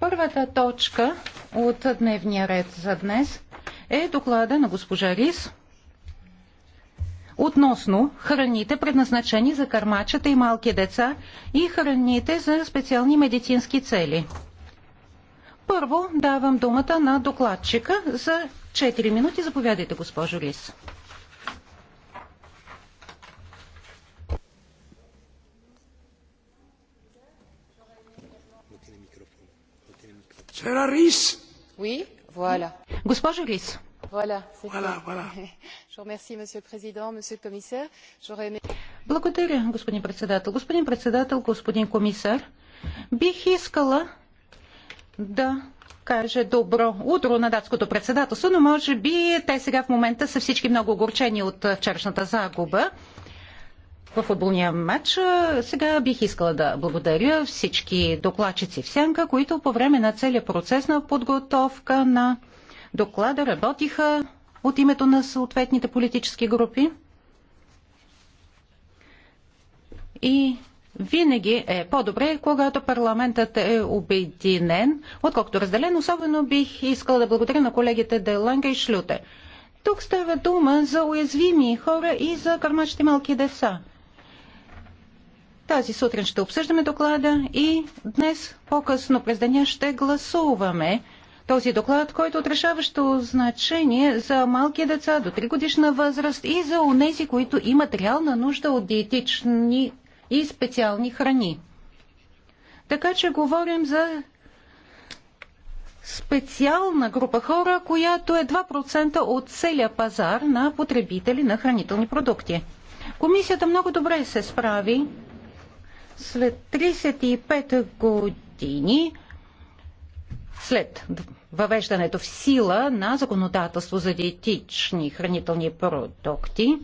Първата точка от дневния ред за днес е доклада на госпожа Рис относно храните, предназначени за кармачета и малки деца и храните за специални медицински цели. Първо давам думата на докладчика за 4 минути. Заповядайте, госпожо Рис. Госпожо Рис, благодаря, господин председател. Господин председател, господин комисар, бих искала да каже добро утро на датското председателство, но може би те сега в момента са всички много огорчени от вчерашната загуба. В футболния матч. Сега бих искала да благодаря всички докладчици в Сянка, които по време на целия процес на подготовка на доклада работиха от името на съответните политически групи. И винаги е по-добре, когато парламентът е обединен, отколкото разделен. Особено бих искала да благодаря на колегите Деланга и Шлюте. Тук става дума за уязвими хора и за кърмачите малки деца. Тази сутрин ще обсъждаме доклада и днес по-късно през деня ще гласуваме този доклад, който е от решаващо значение за малки деца до 3 годишна възраст и за унези, които имат реална нужда от диетични и специални храни. Така че говорим за специална група хора, която е 2% от целия пазар на потребители на хранителни продукти. Комисията много добре се справи след 35 години, след въвеждането в сила на законодателство за диетични хранителни продукти,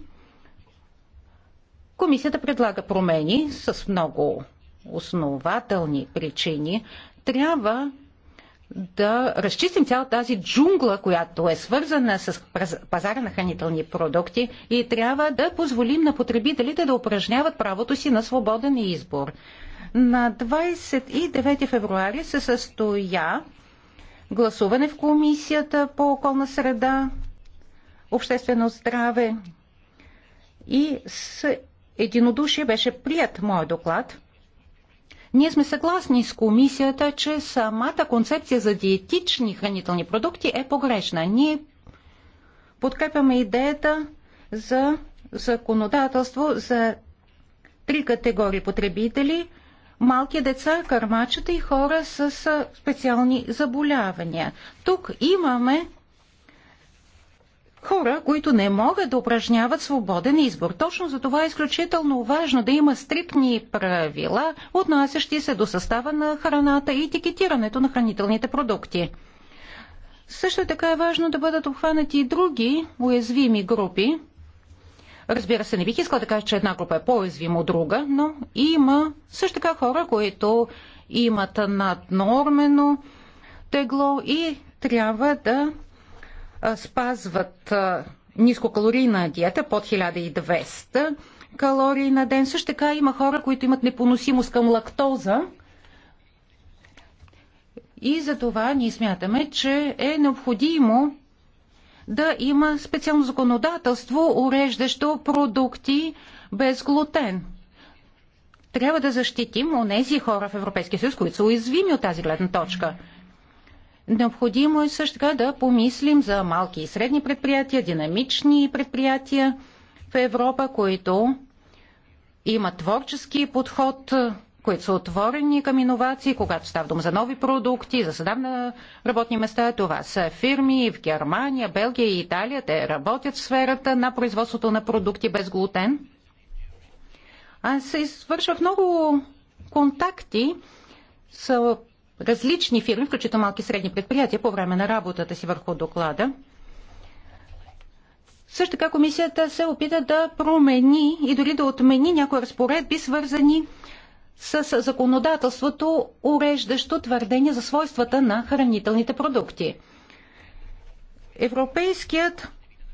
комисията предлага промени с много основателни причини. Трябва да разчистим цяла тази джунгла, която е свързана с пазара на хранителни продукти и трябва да позволим на потребителите да упражняват правото си на свободен избор. На 29 февруари се състоя гласуване в Комисията по околна среда, обществено здраве и с единодушие беше прият моят доклад. Ние сме съгласни с комисията, че самата концепция за диетични хранителни продукти е погрешна. Ние подкрепяме идеята за законодателство за три категории потребители – малки деца, кърмачета и хора с специални заболявания. Тук имаме хора, които не могат да упражняват свободен избор. Точно за това е изключително важно да има стриктни правила, отнасящи се до състава на храната и етикетирането на хранителните продукти. Също е така е важно да бъдат обхванати и други уязвими групи. Разбира се, не бих искала да кажа, че една група е по-уязвима от друга, но има също така хора, които имат наднормено тегло и трябва да спазват нискокалорийна диета под 1200 калории на ден. Също така има хора, които имат непоносимост към лактоза. И за това ние смятаме, че е необходимо да има специално законодателство, уреждащо продукти без глутен. Трябва да защитим онези хора в Европейския съюз, които са уязвими от тази гледна точка. Необходимо е също така да помислим за малки и средни предприятия, динамични предприятия в Европа, които имат творчески подход, които са отворени към иновации, когато става дума за нови продукти, за създаване работни места. Това са фирми в Германия, Белгия и Италия. Те работят в сферата на производството на продукти без глутен. Аз извършвах много контакти с различни фирми, включително малки и средни предприятия, по време на работата си върху доклада. Също така комисията се опита да промени и дори да отмени някои разпоредби, свързани с законодателството, уреждащо твърдение за свойствата на хранителните продукти. Европейският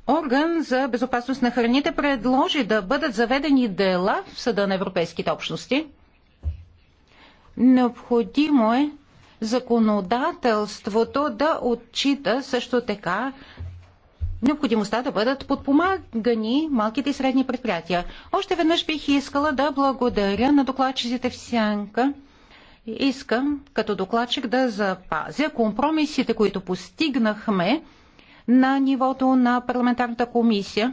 орган за безопасност на храните предложи да бъдат заведени дела в Съда на Европейските общности. Необходимо е законодателството да отчита също така необходимостта да бъдат подпомагани малките и средни предприятия. Още веднъж бих искала да благодаря на докладчиците в Сянка. Искам като докладчик да запазя компромисите, които постигнахме на нивото на парламентарната комисия.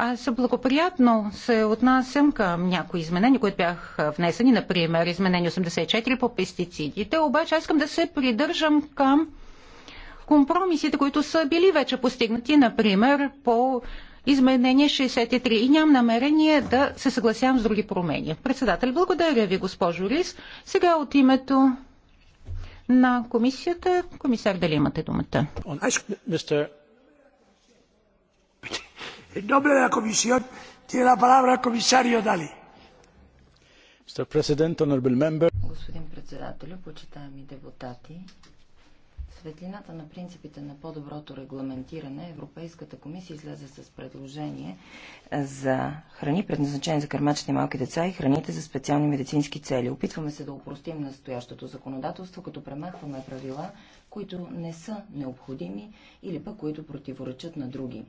Аз благоприятно се отнасям към някои изменения, които бях внесени, например изменение 84 по пестицидите, обаче аз искам да се придържам към компромисите, които са били вече постигнати, например по изменение 63 и нямам намерение да се съгласявам с други промени. Председател, благодаря ви, госпожо Рис. Сега от името на комисията, комисар, дали имате думата? Господин председателю, почитаеми депутати, в светлината на принципите на по-доброто регламентиране, Европейската комисия излезе с предложение за храни, предназначени за кърмачите и малки деца и храните за специални медицински цели. Опитваме се да упростим настоящото законодателство, като премахваме правила, които не са необходими или пък които противоречат на други.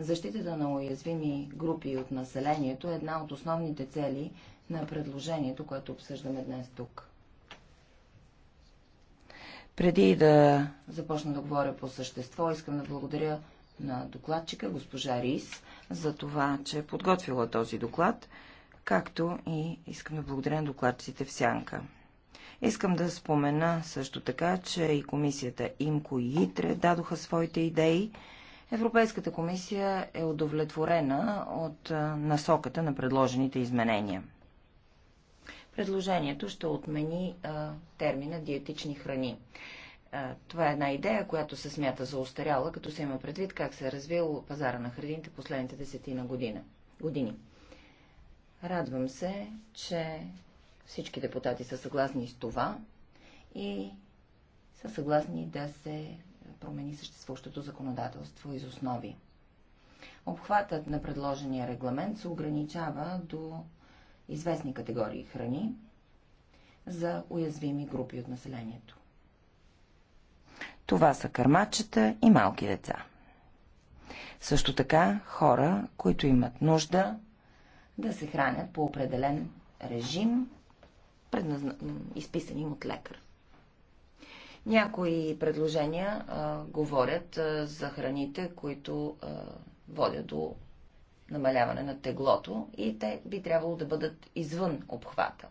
Защитата на уязвими групи от населението е една от основните цели на предложението, което обсъждаме днес тук. Преди да започна да говоря по същество, искам да благодаря на докладчика, госпожа Рис, за това, че е подготвила този доклад, както и искам да благодаря на докладчиците в Сянка. Искам да спомена също така, че и комисията ИМКО и ИТРЕ дадоха своите идеи Европейската комисия е удовлетворена от насоката на предложените изменения. Предложението ще отмени а, термина диетични храни. А, това е една идея, която се смята за устаряла, като се има предвид как се е развил пазара на храните последните десетина година, години. Радвам се, че всички депутати са съгласни с това и са съгласни да се промени съществуващото законодателство из основи. Обхватът на предложения регламент се ограничава до известни категории храни за уязвими групи от населението. Това са кърмачета и малки деца. Също така хора, които имат нужда да се хранят по определен режим, предназна... изписан им от лекар. Някои предложения а, говорят а, за храните, които а, водят до намаляване на теглото и те би трябвало да бъдат извън обхвата.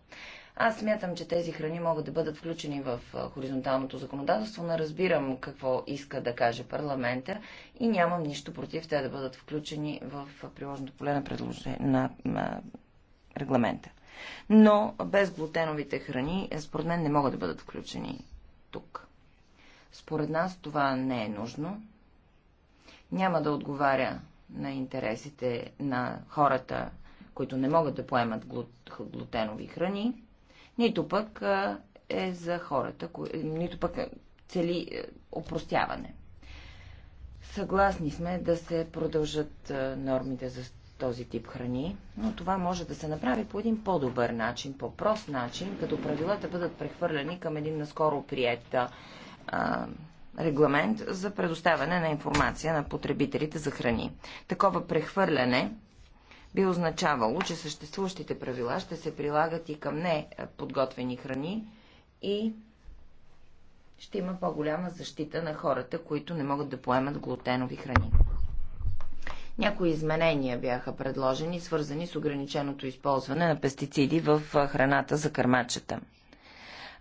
Аз смятам, че тези храни могат да бъдат включени в хоризонталното законодателство, но разбирам какво иска да каже парламента и нямам нищо против те да бъдат включени в приложното поле на, на, на регламента. Но без глутеновите храни, е, според мен, не могат да бъдат включени тук. Според нас това не е нужно. Няма да отговаря на интересите на хората, които не могат да поемат глутенови храни, нито пък е за хората, нито пък цели е, опростяване. Съгласни сме да се продължат нормите за този тип храни, но това може да се направи по един по-добър начин, по-прост начин, като правилата бъдат прехвърлени към един наскоро прият а, регламент за предоставяне на информация на потребителите за храни. Такова прехвърляне би означавало, че съществуващите правила ще се прилагат и към неподготвени храни и ще има по-голяма защита на хората, които не могат да поемат глутенови храни. Някои изменения бяха предложени, свързани с ограниченото използване на пестициди в храната за кърмачета.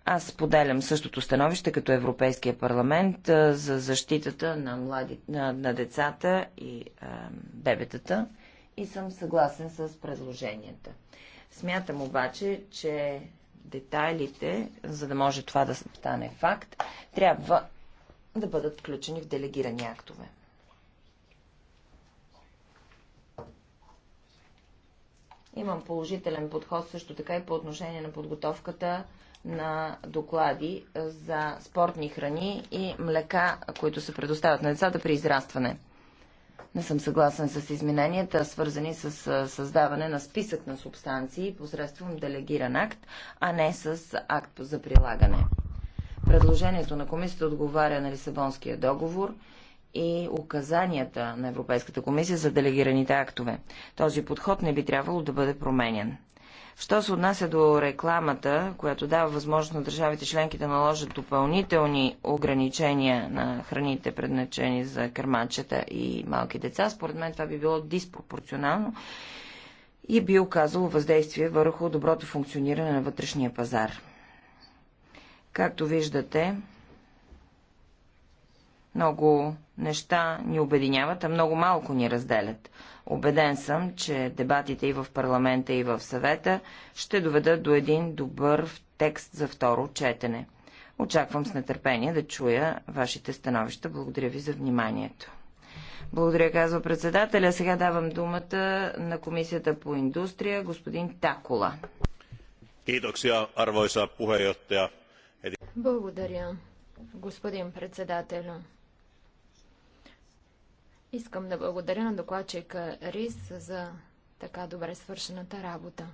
Аз поделям същото становище като Европейския парламент за защитата на, млади, на, на децата и е, бебетата и съм съгласен с предложенията. Смятам обаче, че детайлите, за да може това да стане факт, трябва да бъдат включени в делегирани актове. Имам положителен подход също така и по отношение на подготовката на доклади за спортни храни и млека, които се предоставят на децата при израстване. Не съм съгласен с измененията, свързани с създаване на списък на субстанции посредством делегиран акт, а не с акт за прилагане. Предложението на комисията отговаря на Лисабонския договор и указанията на Европейската комисия за делегираните актове. Този подход не би трябвало да бъде променен. Що се отнася до рекламата, която дава възможност на държавите членки да наложат допълнителни ограничения на храните, предначени за кърмачета и малки деца, според мен това би било диспропорционално и би оказало въздействие върху доброто функциониране на вътрешния пазар. Както виждате, много неща ни обединяват, а много малко ни разделят. Обеден съм, че дебатите и в парламента, и в съвета ще доведат до един добър текст за второ четене. Очаквам с нетърпение да чуя вашите становища. Благодаря ви за вниманието. Благодаря, казва председателя. Сега давам думата на Комисията по индустрия, господин Такола. Благодаря, господин председателю. Искам да благодаря на докладчика Рис за така добре свършената работа.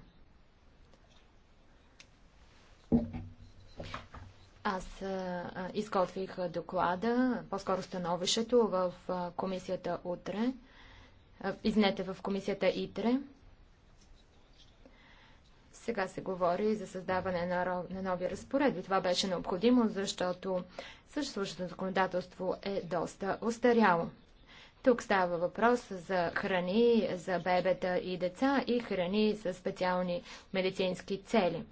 Аз а, изготвих доклада, по-скоро становището в комисията утре. Изнете в комисията ИТРЕ. Сега се говори за създаване на, на нови разпоредби. Това беше необходимо, защото съществуващото законодателство е доста устаряло. Тук става въпрос за храни за бебета и деца и храни за специални медицински цели.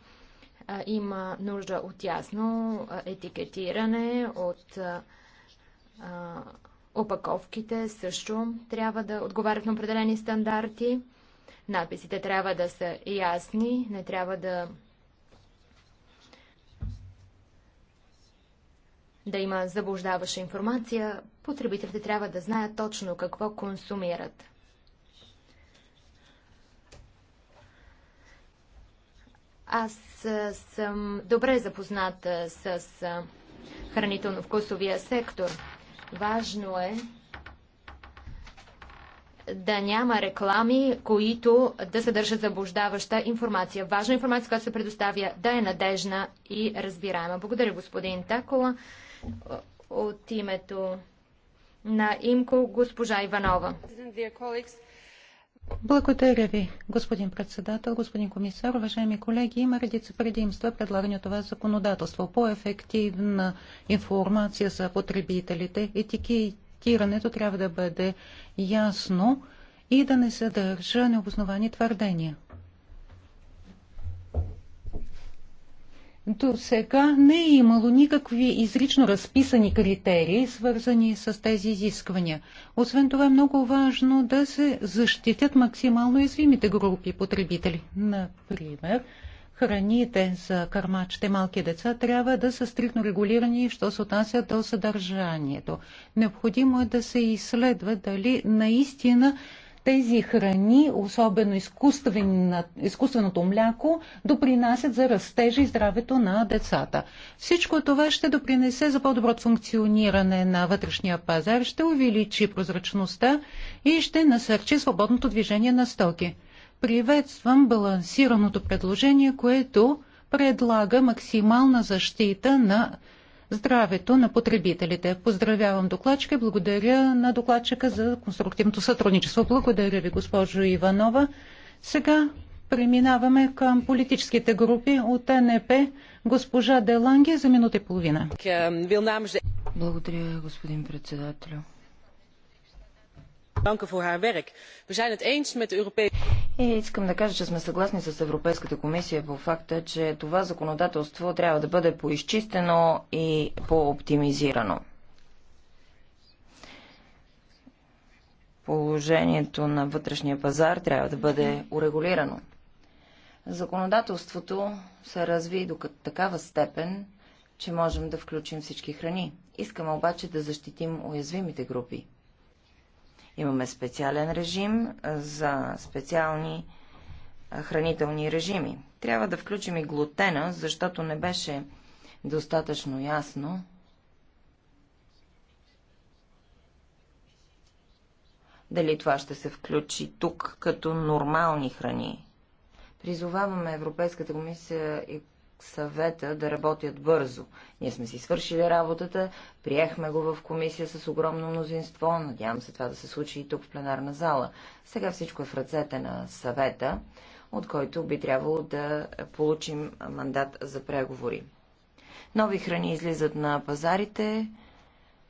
Има нужда от ясно етикетиране, от опаковките също трябва да отговарят на определени стандарти. Надписите трябва да са ясни, не трябва да да има заблуждаваща информация, потребителите трябва да знаят точно какво консумират. Аз съм добре запозната с хранително-вкусовия сектор. Важно е да няма реклами, които да съдържат заблуждаваща информация. Важна информация, която се предоставя, да е надежна и разбираема. Благодаря, господин Такола от името на ИМКО госпожа Иванова. Благодаря ви, господин председател, господин комисар, уважаеми колеги. Има редица предимства предлагани от това законодателство. По-ефективна информация за потребителите, етикетирането трябва да бъде ясно и да не съдържа необосновани твърдения. До сега не е имало никакви изрично разписани критерии, свързани с тези изисквания. Освен това е много важно да се защитят максимално извимите групи потребители. Например, храните за кармачите малки деца трябва да са стрикно регулирани, що се отнася до съдържанието. Необходимо е да се изследва дали наистина тези храни, особено изкуственото мляко, допринасят за растежа и здравето на децата. Всичко това ще допринесе за по добро функциониране на вътрешния пазар, ще увеличи прозрачността и ще насърчи свободното движение на стоки. Приветствам балансираното предложение, което предлага максимална защита на здравето на потребителите. Поздравявам докладчика и благодаря на докладчика за конструктивното сътрудничество. Благодаря ви, госпожо Иванова. Сега преминаваме към политическите групи от НП. Госпожа Деланге за минута и половина. Е, благодаря, господин председателю. И е, искам да кажа, че сме съгласни с Европейската комисия по факта, че това законодателство трябва да бъде поизчистено и по-оптимизирано. Положението на вътрешния пазар трябва да бъде урегулирано. Законодателството се разви до такава степен, че можем да включим всички храни. Искаме обаче да защитим уязвимите групи. Имаме специален режим за специални хранителни режими. Трябва да включим и глутена, защото не беше достатъчно ясно дали това ще се включи тук като нормални храни. Призоваваме Европейската комисия и съвета да работят бързо. Ние сме си свършили работата, приехме го в комисия с огромно мнозинство, надявам се това да се случи и тук в пленарна зала. Сега всичко е в ръцете на съвета, от който би трябвало да получим мандат за преговори. Нови храни излизат на пазарите,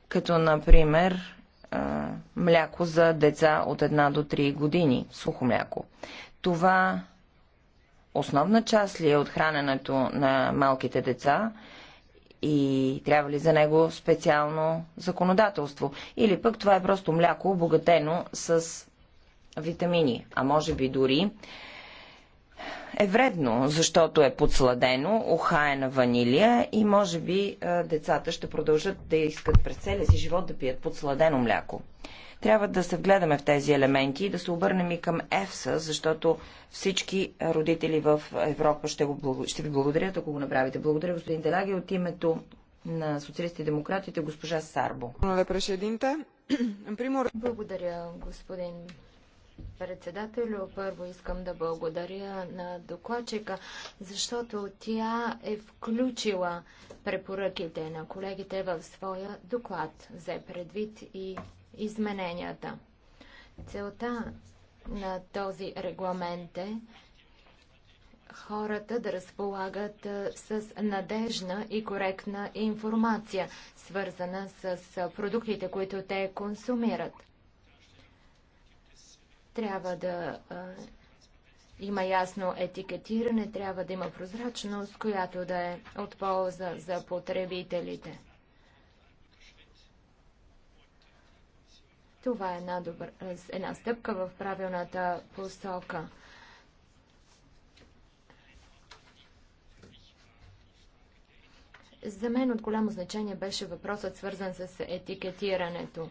като например мляко за деца от 1 до 3 години, сухо мляко. Това основна част ли е от храненето на малките деца и трябва ли за него специално законодателство? Или пък това е просто мляко, обогатено с витамини, а може би дори е вредно, защото е подсладено, ухае на ванилия и може би децата ще продължат да искат през целия си живот да пият подсладено мляко. Трябва да се вгледаме в тези елементи и да се обърнем и към ЕФСА, защото всички родители в Европа ще, го ще ви благодарят, ако го направите. Благодаря, господин Деляги, от името на социалистите и демократите, госпожа Сарбо. Благодаря, господин председателю, първо искам да благодаря на докладчика, защото тя е включила препоръките на колегите в своя доклад. Взе предвид и измененията. Целта на този регламент е хората да разполагат с надежна и коректна информация, свързана с продуктите, които те консумират. Трябва да има ясно етикетиране, трябва да има прозрачност, която да е от полза за потребителите. Това е една, добър, една стъпка в правилната посока. За мен от голямо значение беше въпросът свързан с етикетирането.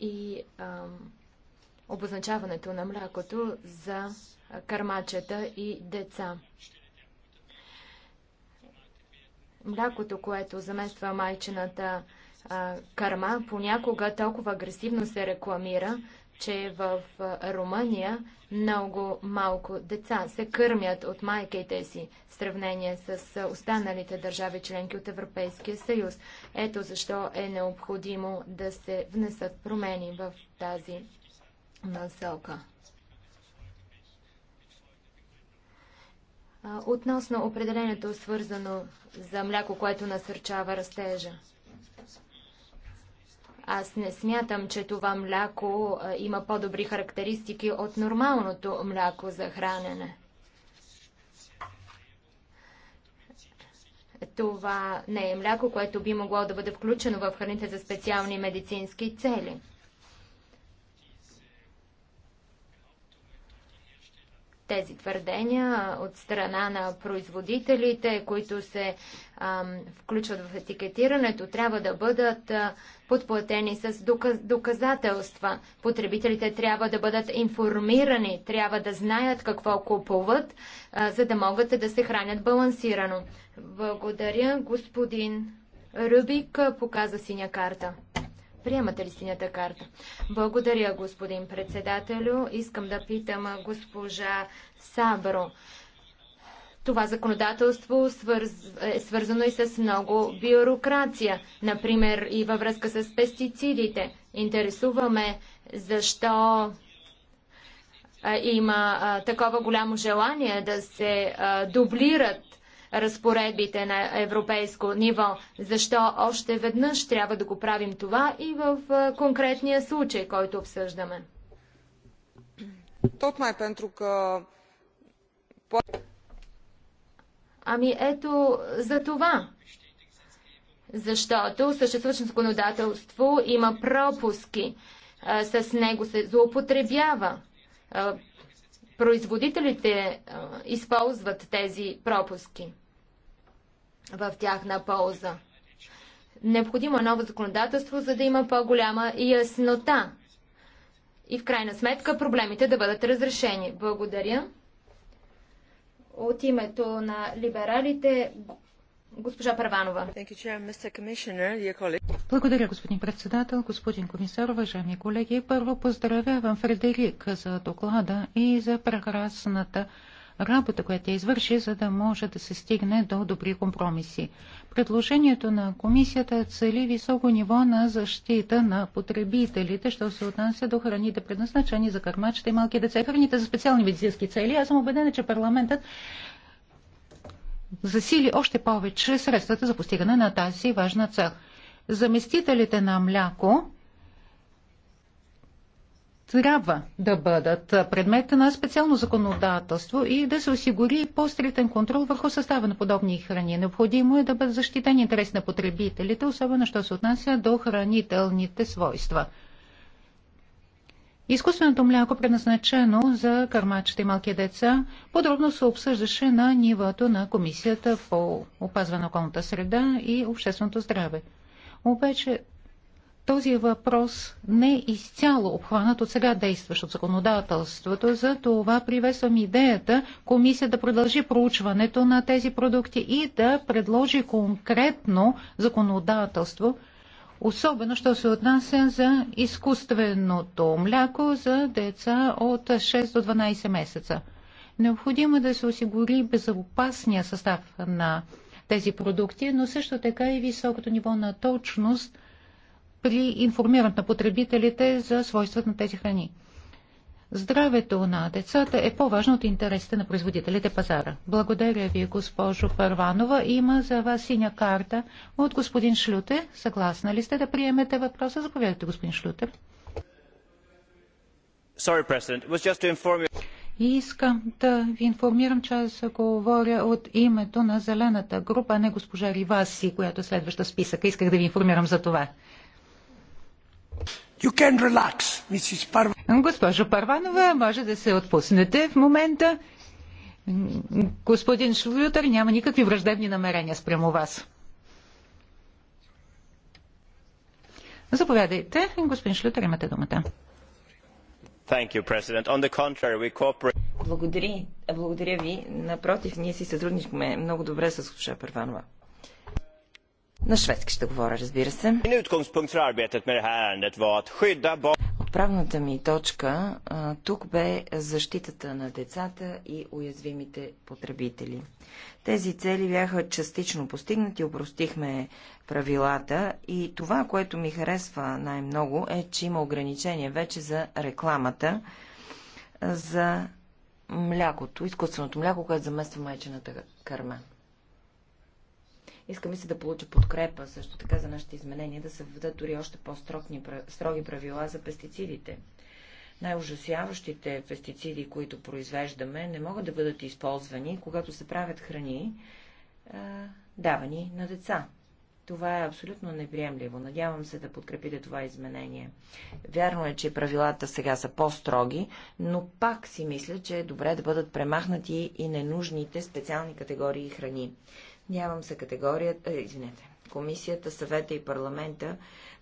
И ам, обозначаването на млякото за кърмачета и деца. Млякото, което замества майчената а, кърма, понякога толкова агресивно се рекламира, че в Румъния много малко деца се кърмят от майките си в сравнение с останалите държави членки от Европейския съюз. Ето защо е необходимо да се внесат промени в тази насока. Относно определението, свързано за мляко, което насърчава растежа. Аз не смятам, че това мляко има по-добри характеристики от нормалното мляко за хранене. Това не е мляко, което би могло да бъде включено в храните за специални медицински цели. тези твърдения от страна на производителите, които се а, включват в етикетирането, трябва да бъдат а, подплатени с доказ, доказателства. Потребителите трябва да бъдат информирани, трябва да знаят какво купуват, а, за да могат да се хранят балансирано. Благодаря, господин Рубик показа синя карта. Приемате ли синята карта? Благодаря, господин председателю. Искам да питам госпожа Сабро. Това законодателство свърз... е свързано и с много бюрокрация, например и във връзка с пестицидите. Интересуваме защо има такова голямо желание да се дублират разпоредбите на европейско ниво. Защо още веднъж трябва да го правим това и в конкретния случай, който обсъждаме? Tocmai пентру ка... Ами ето за това. Защото съществуващото законодателство има пропуски. А, с него се злоупотребява. А, производителите а, използват тези пропуски в тяхна полза. Необходимо е ново законодателство, за да има по-голяма яснота и в крайна сметка проблемите да бъдат разрешени. Благодаря. От името на либералите Госпожа Първанова. Благодаря, господин председател, господин комисар, уважаеми колеги. Първо поздравявам Фредерик за доклада и за прекрасната работа, която тя извърши, за да може да се стигне до добри компромиси. Предложението на комисията цели високо ниво на защита на потребителите, що се отнася до храните, предназначени за кърмачите и малки деца. Храните за специални медицински цели. Аз съм убедена, че парламентът засили още повече средствата за постигане на тази важна цел. Заместителите на мляко трябва да бъдат предмет на специално законодателство и да се осигури по-стритен контрол върху състава на подобни храни. Необходимо е да бъдат защитени интерес на потребителите, особено що се отнася до хранителните свойства. Изкуственото мляко, предназначено за кърмачите и малки деца, подробно се обсъждаше на нивото на Комисията по опазване на околната среда и общественото здраве. Обаче този въпрос не е изцяло обхванат от сега действащото законодателството. За това привесвам идеята комисия да продължи проучването на тези продукти и да предложи конкретно законодателство, особено що се отнася за изкуственото мляко за деца от 6 до 12 месеца. Необходимо е да се осигури безопасния състав на тези продукти, но също така и високото ниво на точност – при информирането на потребителите за свойствата на тези храни. Здравето на децата е по-важно от интересите на производителите пазара. Благодаря ви, госпожо Парванова. Има за вас синя карта от господин Шлюте. Съгласна ли сте да приемете въпроса? Заповядайте, господин Шлютер. Sorry, Искам да ви информирам, че аз говоря от името на зелената група, а не госпожа Риваси, която е следваща списъка. Исках да ви информирам за това. Госпожо Парванова, може да се отпуснете в момента. Господин Шлютер няма никакви враждебни намерения спрямо вас. Заповядайте, господин Шлютер, имате думата. You, contrary, cooperate... благодаря, благодаря ви. Напротив, ние си сътрудничаме много добре с госпожа Парванова. На шведски ще говоря, разбира се. Отправната ми точка а, тук бе защитата на децата и уязвимите потребители. Тези цели бяха частично постигнати, упростихме правилата и това, което ми харесва най-много е, че има ограничения вече за рекламата, за млякото, изкуственото мляко, което замества майчената кърма. Искаме се да получи подкрепа също така за нашите изменения, да се введат дори още по-строги правила за пестицидите. Най-ужасяващите пестициди, които произвеждаме, не могат да бъдат използвани, когато се правят храни, давани на деца. Това е абсолютно неприемливо. Надявам се да подкрепите това изменение. Вярно е, че правилата сега са по-строги, но пак си мисля, че е добре да бъдат премахнати и ненужните специални категории храни. Нямам се категорията, э, извинете, комисията, съвета и парламента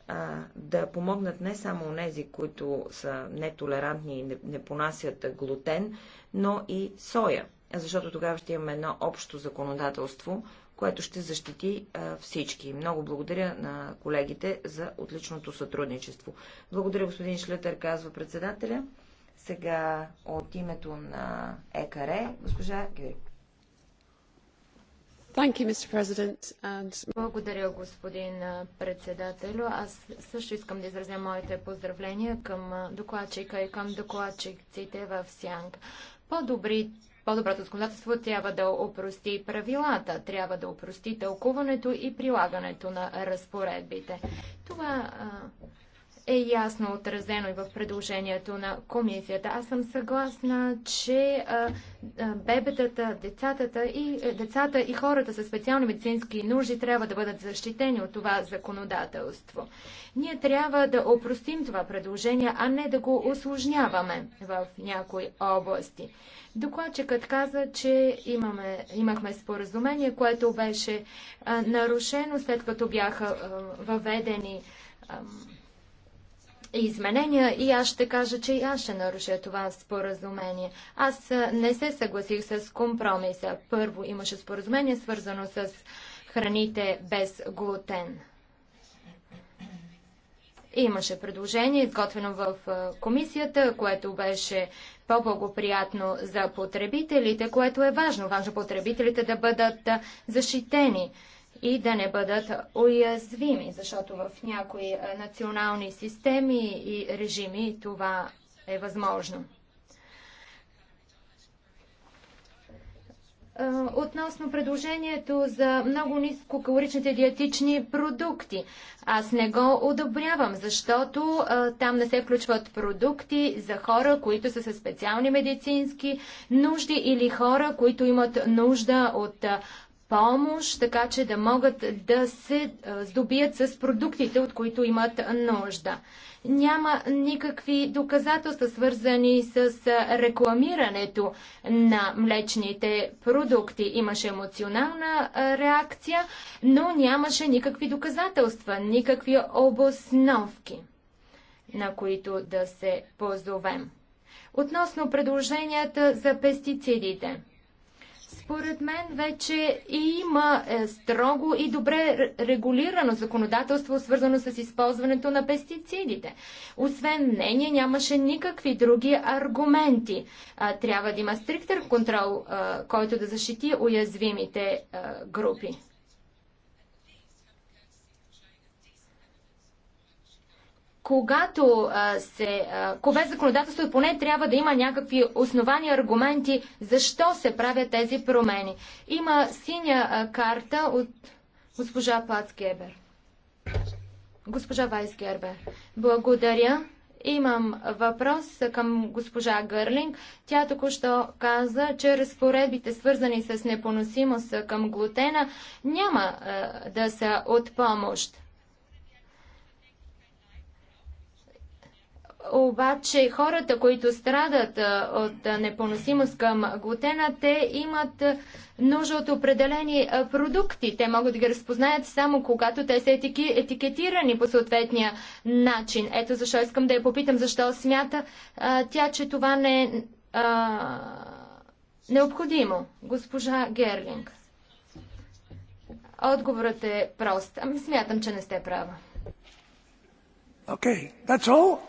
а, да помогнат не само нези, които са нетолерантни и не, не понасят глутен, но и соя. Защото тогава ще имаме едно общо законодателство, което ще защити а, всички. Много благодаря на колегите за отличното сътрудничество. Благодаря, господин Шлетър, казва председателя. Сега от името на ЕКАРЕ, госпожа Гюри. Благодаря, господин председател. Аз също искам да изразя моите поздравления към докладчика и към докладчиците в Сянг. По-добри по-доброто законодателство трябва да опрости правилата, трябва да опрости тълкуването и прилагането на разпоредбите. Това а, е ясно отразено и в предложението на комисията. Аз съм съгласна, че бебетата, децата и, е, децата и хората със специални медицински нужди трябва да бъдат защитени от това законодателство. Ние трябва да опростим това предложение, а не да го осложняваме в някои области. Докладчикът каза, че имаме, имахме споразумение, което беше а, нарушено след като бяха а, въведени а, изменения и аз ще кажа, че и аз ще наруша това споразумение. Аз не се съгласих с компромиса. Първо имаше споразумение, свързано с храните без глутен. Имаше предложение, изготвено в комисията, което беше по-благоприятно за потребителите, което е важно. Важно потребителите да бъдат защитени и да не бъдат уязвими, защото в някои национални системи и режими това е възможно. Относно предложението за много нискокалоричните диетични продукти. Аз не го одобрявам, защото а, там не се включват продукти за хора, които са със специални медицински нужди или хора, които имат нужда от а, помощ, така че да могат да се здобият с продуктите, от които имат нужда. Няма никакви доказателства, свързани с рекламирането на млечните продукти. Имаше емоционална реакция, но нямаше никакви доказателства, никакви обосновки, на които да се позовем. Относно предложенията за пестицидите – според мен вече има е, строго и добре регулирано законодателство, свързано с използването на пестицидите. Освен мнение, нямаше никакви други аргументи. Трябва да има стриктен контрол, който да защити уязвимите групи. когато се, кове законодателство поне трябва да има някакви основани аргументи защо се правят тези промени. Има синя карта от госпожа Пацгебер. Госпожа Вайсгербер, благодаря. Имам въпрос към госпожа Гърлинг. Тя току-що каза, че разпоредбите, свързани с непоносимост към глутена, няма да са от помощ. Обаче хората, които страдат от непоносимост към глутена, те имат нужда от определени продукти. Те могат да ги разпознаят само когато те са етикетирани по съответния начин. Ето защо искам да я попитам, защо смята тя, че това не е необходимо. Госпожа Герлинг. Отговорът е прост. Ами смятам, че не сте права. Okay, that's all.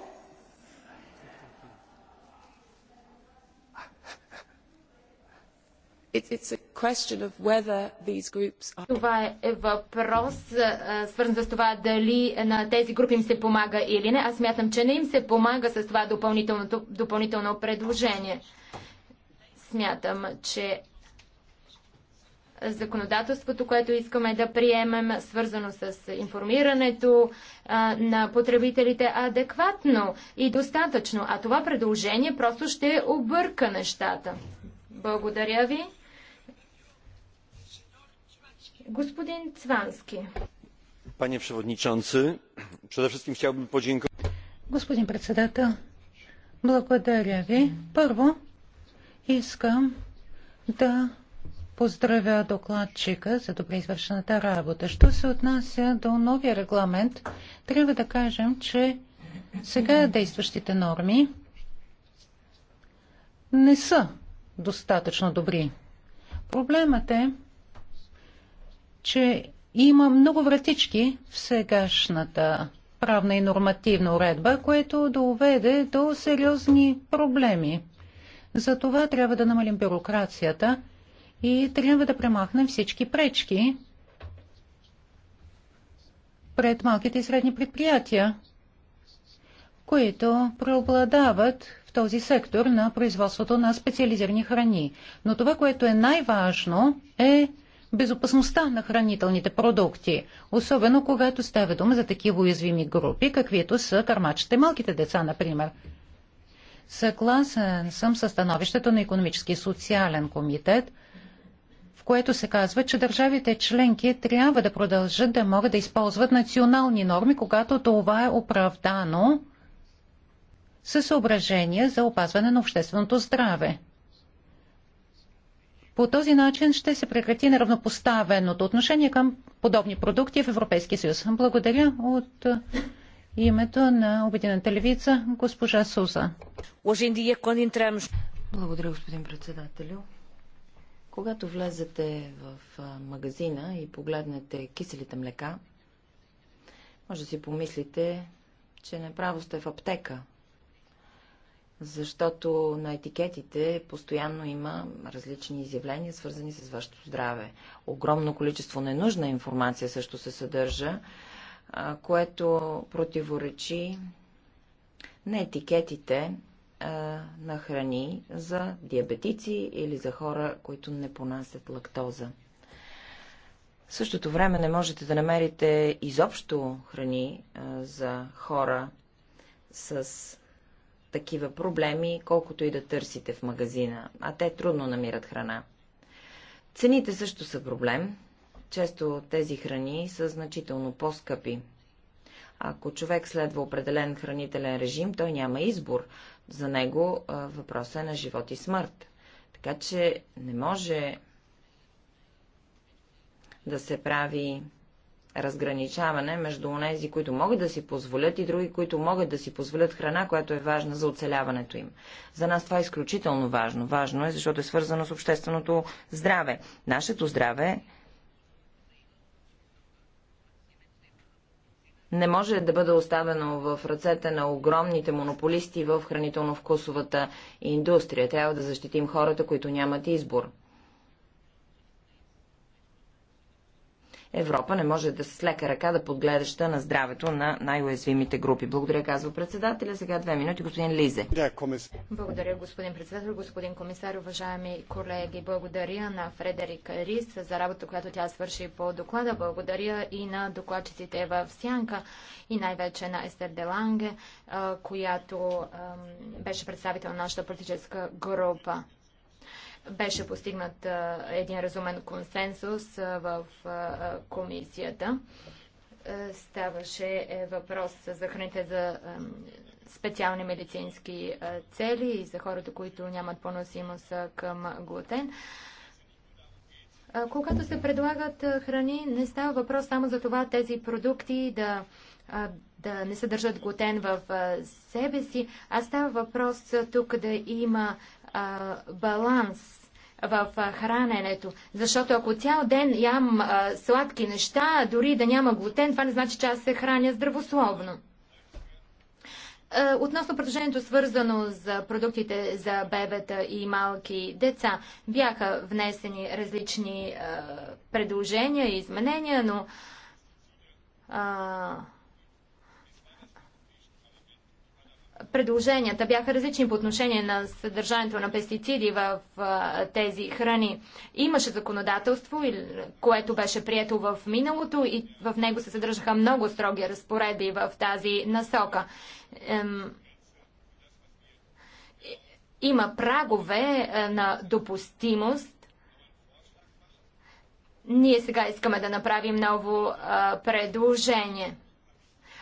Това е въпрос, свързан с това дали на тези групи им се помага или не. Аз смятам, че не им се помага с това допълнително, допълнително предложение. Смятам, че законодателството, което искаме да приемем, свързано с информирането на потребителите е адекватно и достатъчно. А това предложение просто ще обърка нещата. Благодаря ви. Господин Цвански. Panie przewodniczący, przede wszystkim chciałbym podziękować. Господин председател, благодаря ви. Първо, искам да поздравя докладчика за добре извършената работа. Що се отнася до новия регламент, трябва да кажем, че сега действащите норми не са достатъчно добри. Проблемът е, че има много вратички в сегашната правна и нормативна уредба, което доведе до сериозни проблеми. Затова трябва да намалим бюрокрацията и трябва да премахнем всички пречки пред малките и средни предприятия, които преобладават в този сектор на производството на специализирани храни. Но това, което е най-важно, е безопасността на хранителните продукти, особено когато става дума за такива уязвими групи, каквито са кърмачите малките деца, например. Съгласен съм със становището на економически и социален комитет, в което се казва, че държавите членки трябва да продължат да могат да използват национални норми, когато това е оправдано със съображение за опазване на общественото здраве. По този начин ще се прекрати неравнопоставеното отношение към подобни продукти в Европейския съюз. Благодаря от името на Обединената левица, госпожа Суза. Благодаря, господин председателю. Когато влезете в магазина и погледнете киселите млека, може да си помислите, че направо сте в аптека – защото на етикетите постоянно има различни изявления, свързани с вашето здраве. Огромно количество ненужна информация също се съдържа, което противоречи на етикетите на храни за диабетици или за хора, които не понасят лактоза. В същото време не можете да намерите изобщо храни за хора с такива проблеми, колкото и да търсите в магазина, а те трудно намират храна. Цените също са проблем. Често тези храни са значително по-скъпи. Ако човек следва определен хранителен режим, той няма избор. За него въпросът е на живот и смърт. Така че не може да се прави разграничаване между онези, които могат да си позволят и други, които могат да си позволят храна, която е важна за оцеляването им. За нас това е изключително важно. Важно е, защото е свързано с общественото здраве. Нашето здраве не може да бъде оставено в ръцете на огромните монополисти в хранително-вкусовата индустрия. Трябва да защитим хората, които нямат избор. Европа не може да с лека ръка да подгледаща на здравето на най-уязвимите групи. Благодаря, казва председателя. Сега две минути, господин Лизе. Благодаря, господин председател, господин комисар, уважаеми колеги. Благодаря на Фредерик Рис за работа, която тя свърши по доклада. Благодаря и на докладчиците в Сянка и най-вече на Естер Деланге, която беше представител на нашата политическа група. Беше постигнат един разумен консенсус в комисията. Ставаше е, въпрос за храните за специални медицински цели и за хората, които нямат поносимост към глутен. Когато се предлагат храни, не става въпрос само за това тези продукти да, да не съдържат глутен в себе си, а става въпрос тук да има а, баланс в храненето. Защото ако цял ден ям а, сладки неща, дори да няма глутен, това не значи, че аз се храня здравословно. А, относно предложението свързано с продуктите за бебета и малки деца, бяха внесени различни а, предложения и изменения, но а, предложенията бяха различни по отношение на съдържанието на пестициди в тези храни. Имаше законодателство, което беше прието в миналото и в него се съдържаха много строги разпореди в тази насока. Има прагове е, на допустимост. Ние сега искаме да направим ново предложение.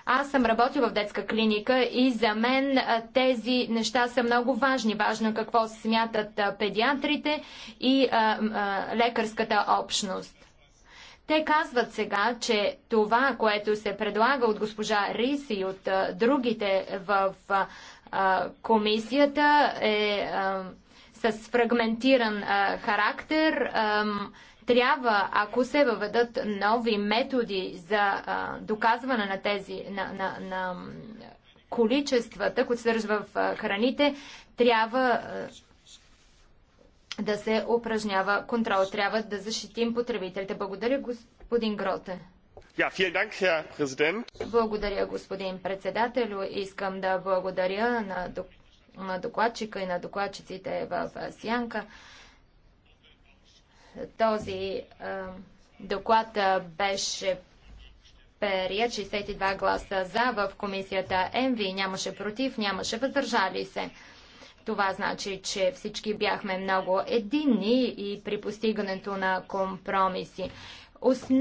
Аз съм работила в детска клиника и за мен тези неща са много важни. Важно е какво смятат педиатрите и а, а, лекарската общност. Те казват сега, че това, което се предлага от госпожа Рис и от а, другите в а, комисията е а, с фрагментиран а, характер. А, трябва, ако се въведат нови методи за а, доказване на тези на, на, на количествата, които се в храните, трябва а, да се упражнява контрол. Трябва да защитим потребителите. Благодаря, господин Гроте. Yeah, Dank, благодаря, господин председател, Искам да благодаря на, док... на докладчика и на докладчиците в Сянка. Този а, доклад беше период 62 гласа за в комисията МВ. Нямаше против, нямаше въздържали се. Това значи, че всички бяхме много единни и при постигането на компромиси. Осн...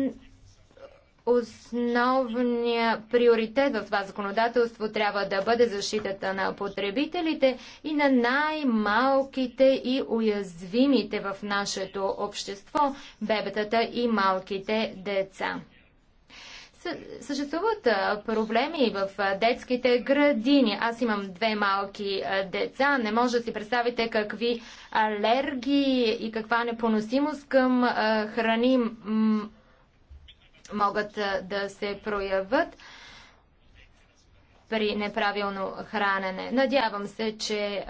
Основният приоритет в това законодателство трябва да бъде защитата на потребителите и на най-малките и уязвимите в нашето общество бебетата и малките деца. Съществуват проблеми в детските градини. Аз имам две малки деца. Не може да си представите какви алергии и каква непоносимост към храни могат да се проявят при неправилно хранене. Надявам се, че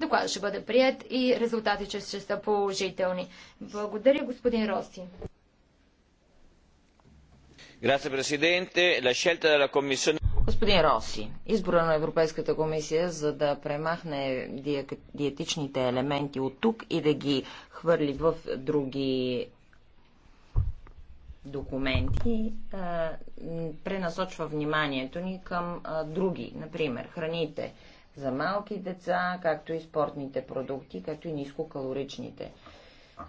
докладът ще бъде прият и резултатите ще са положителни. Благодаря, господин Роси. Господин Роси, избора на Европейската комисия за да премахне диетичните елементи от тук и да ги хвърли в други документи а, пренасочва вниманието ни към а, други, например храните за малки деца, както и спортните продукти, както и нискокалоричните.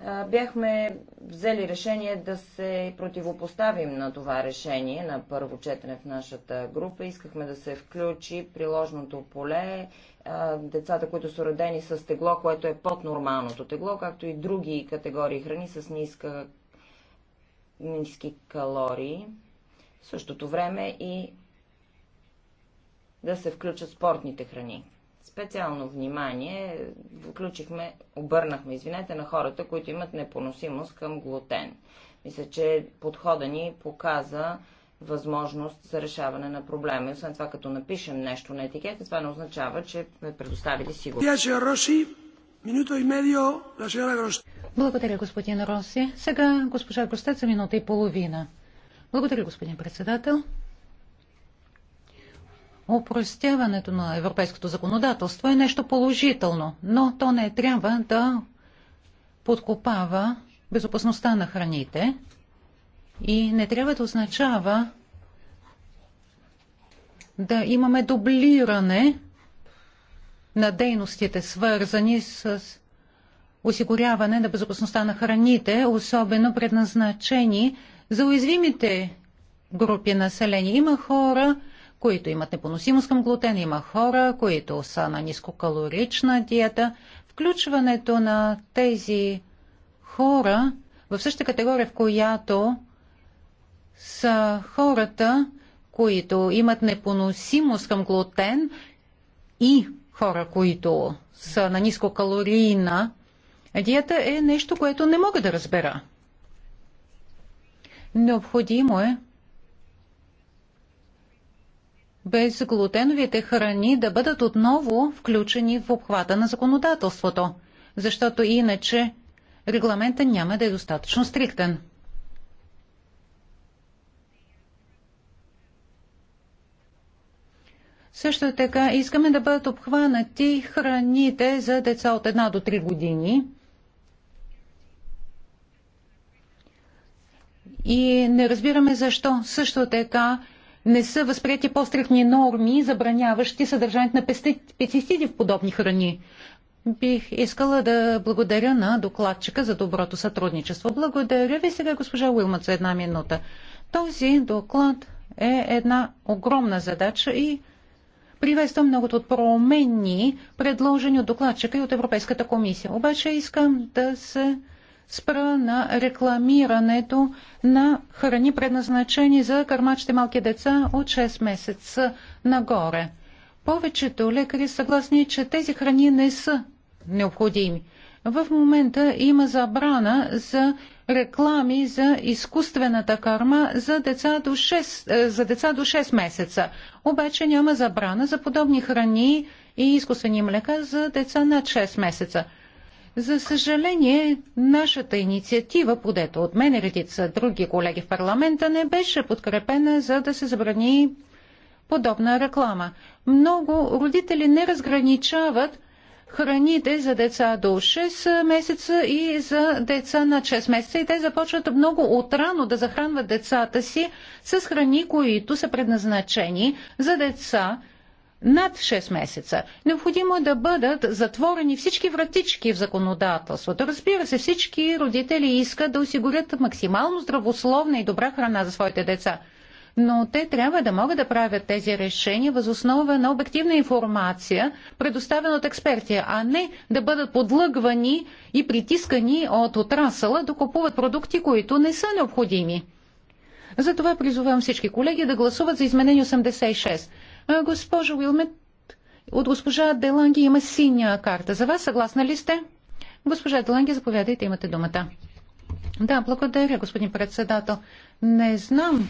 А, бяхме взели решение да се противопоставим на това решение на първо четене в нашата група. Искахме да се включи приложното поле децата, които са родени с тегло, което е под нормалното тегло, както и други категории храни с ниска ниски калории, в същото време и да се включат спортните храни. Специално внимание включихме, обърнахме, извинете, на хората, които имат непоносимост към глутен. Мисля, че подхода ни показа възможност за решаване на проблема. И освен това, като напишем нещо на етикета, това не означава, че сме предоставили сигурност. Благодаря, господин Роси. Сега госпожа Гростет за минута и половина. Благодаря, господин председател. Опростяването на европейското законодателство е нещо положително, но то не трябва да подкопава безопасността на храните и не трябва да означава да имаме дублиране на дейностите, свързани с осигуряване на безопасността на храните, особено предназначени за уязвимите групи население. Има хора, които имат непоносимост към глутен, има хора, които са на нискокалорична диета. Включването на тези хора в същата категория, в която са хората, които имат непоносимост към глутен и хора, които са на нискокалорийна диета, е нещо, което не мога да разбера. Необходимо е безглутеновите храни да бъдат отново включени в обхвата на законодателството, защото иначе регламента няма да е достатъчно стриктен. Също така искаме да бъдат обхванати храните за деца от 1 до 3 години. И не разбираме защо също така не са възприяти по-стрихни норми, забраняващи съдържанието на пестициди в подобни храни. Бих искала да благодаря на докладчика за доброто сътрудничество. Благодаря ви сега, госпожа Уилмат, за една минута. Този доклад е една огромна задача и Приветствам многото от промени, предложени от докладчика и от Европейската комисия. Обаче искам да се спра на рекламирането на храни, предназначени за кърмачите малки деца от 6 месеца нагоре. Повечето лекари съгласни, че тези храни не са необходими. В момента има забрана за реклами за изкуствената карма за деца до 6, е, за деца до 6 месеца. Обаче няма забрана за подобни храни и изкуствени млека за деца над 6 месеца. За съжаление, нашата инициатива, подето от мен и редица други колеги в парламента, не беше подкрепена за да се забрани подобна реклама. Много родители не разграничават храните за деца до 6 месеца и за деца на 6 месеца. И те започват много отрано да захранват децата си с храни, които са предназначени за деца над 6 месеца. Необходимо е да бъдат затворени всички вратички в законодателството. Разбира се, всички родители искат да осигурят максимално здравословна и добра храна за своите деца но те трябва да могат да правят тези решения възоснова на обективна информация, предоставена от експерти, а не да бъдат подлъгвани и притискани от отрасъла да купуват продукти, които не са необходими. Затова призовам всички колеги да гласуват за изменение 86. Госпожо Уилмет, от госпожа Деланги има синя карта. За вас съгласна ли сте? Госпожа Деланги, заповядайте, имате думата. Да, благодаря, господин председател. Не знам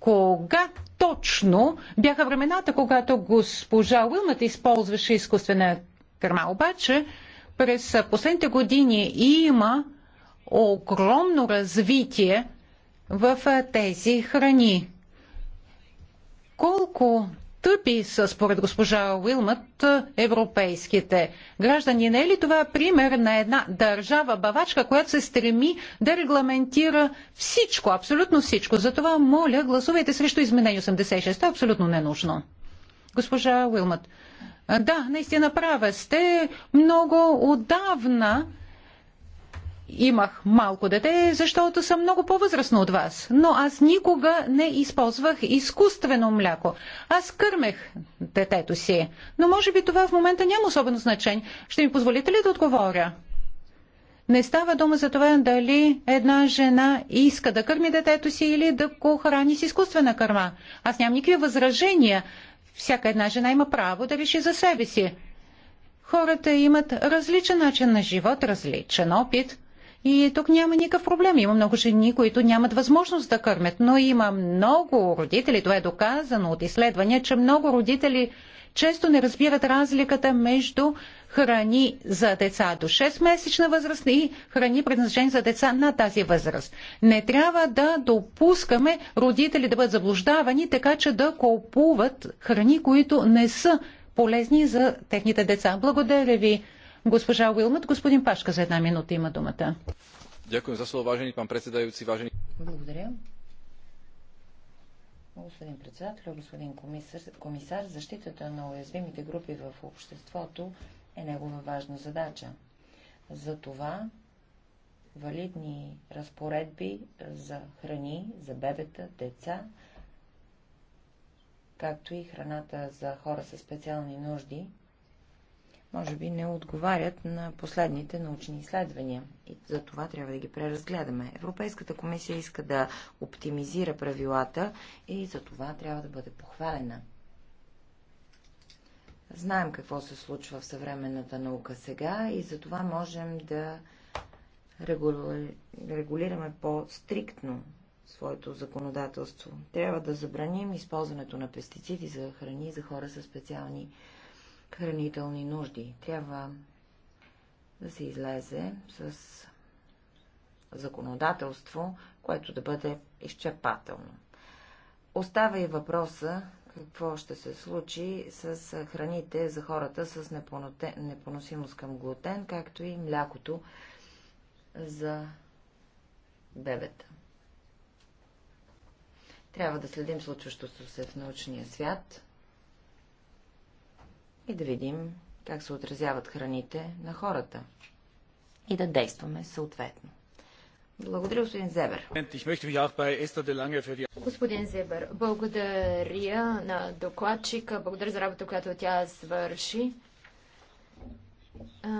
кога точно бяха времената, когато госпожа Уилмът използваше изкуствена кърма. Обаче през последните години има огромно развитие в тези храни. Колко тъпи са, според госпожа Уилмът, европейските граждани. Не е ли това пример на една държава бавачка, която се стреми да регламентира всичко, абсолютно всичко? Затова моля, гласувайте срещу изменение 86. Това е абсолютно ненужно. Госпожа Уилмът. Да, наистина права сте. Много отдавна имах малко дете, защото съм много по-възрастна от вас. Но аз никога не използвах изкуствено мляко. Аз кърмех детето си. Но може би това в момента няма особено значение. Ще ми позволите ли да отговоря? Не става дума за това дали една жена иска да кърми детето си или да го храни с изкуствена кърма. Аз нямам никакви възражения. Всяка една жена има право да реши за себе си. Хората имат различен начин на живот, различен опит. И тук няма никакъв проблем. Има много жени, които нямат възможност да кърмят, но има много родители, това е доказано от изследвания, че много родители често не разбират разликата между храни за деца до 6-месечна възраст и храни предназначени за деца на тази възраст. Не трябва да допускаме родители да бъдат заблуждавани, така че да купуват храни, които не са полезни за техните деца. Благодаря ви госпожа Уилмът. Господин Пашка за една минута има думата. за пан Благодаря. Господин председател, господин комисар, комисар, защитата на уязвимите групи в обществото е негова важна задача. За това валидни разпоредби за храни, за бебета, деца, както и храната за хора с специални нужди, може би не отговарят на последните научни изследвания. И за това трябва да ги преразгледаме. Европейската комисия иска да оптимизира правилата и за това трябва да бъде похвалена. Знаем какво се случва в съвременната наука сега и за това можем да регули... регулираме по-стриктно своето законодателство. Трябва да забраним използването на пестициди за храни за хора с специални хранителни нужди. Трябва да се излезе с законодателство, което да бъде изчерпателно. Остава и въпроса какво ще се случи с храните за хората с непоносимост към глутен, както и млякото за бебета. Трябва да следим случващото се в научния свят и да видим как се отразяват храните на хората и да действаме съответно. Благодаря, господин Зебер. Господин Зебер, благодаря на докладчика, благодаря за работа, която тя свърши.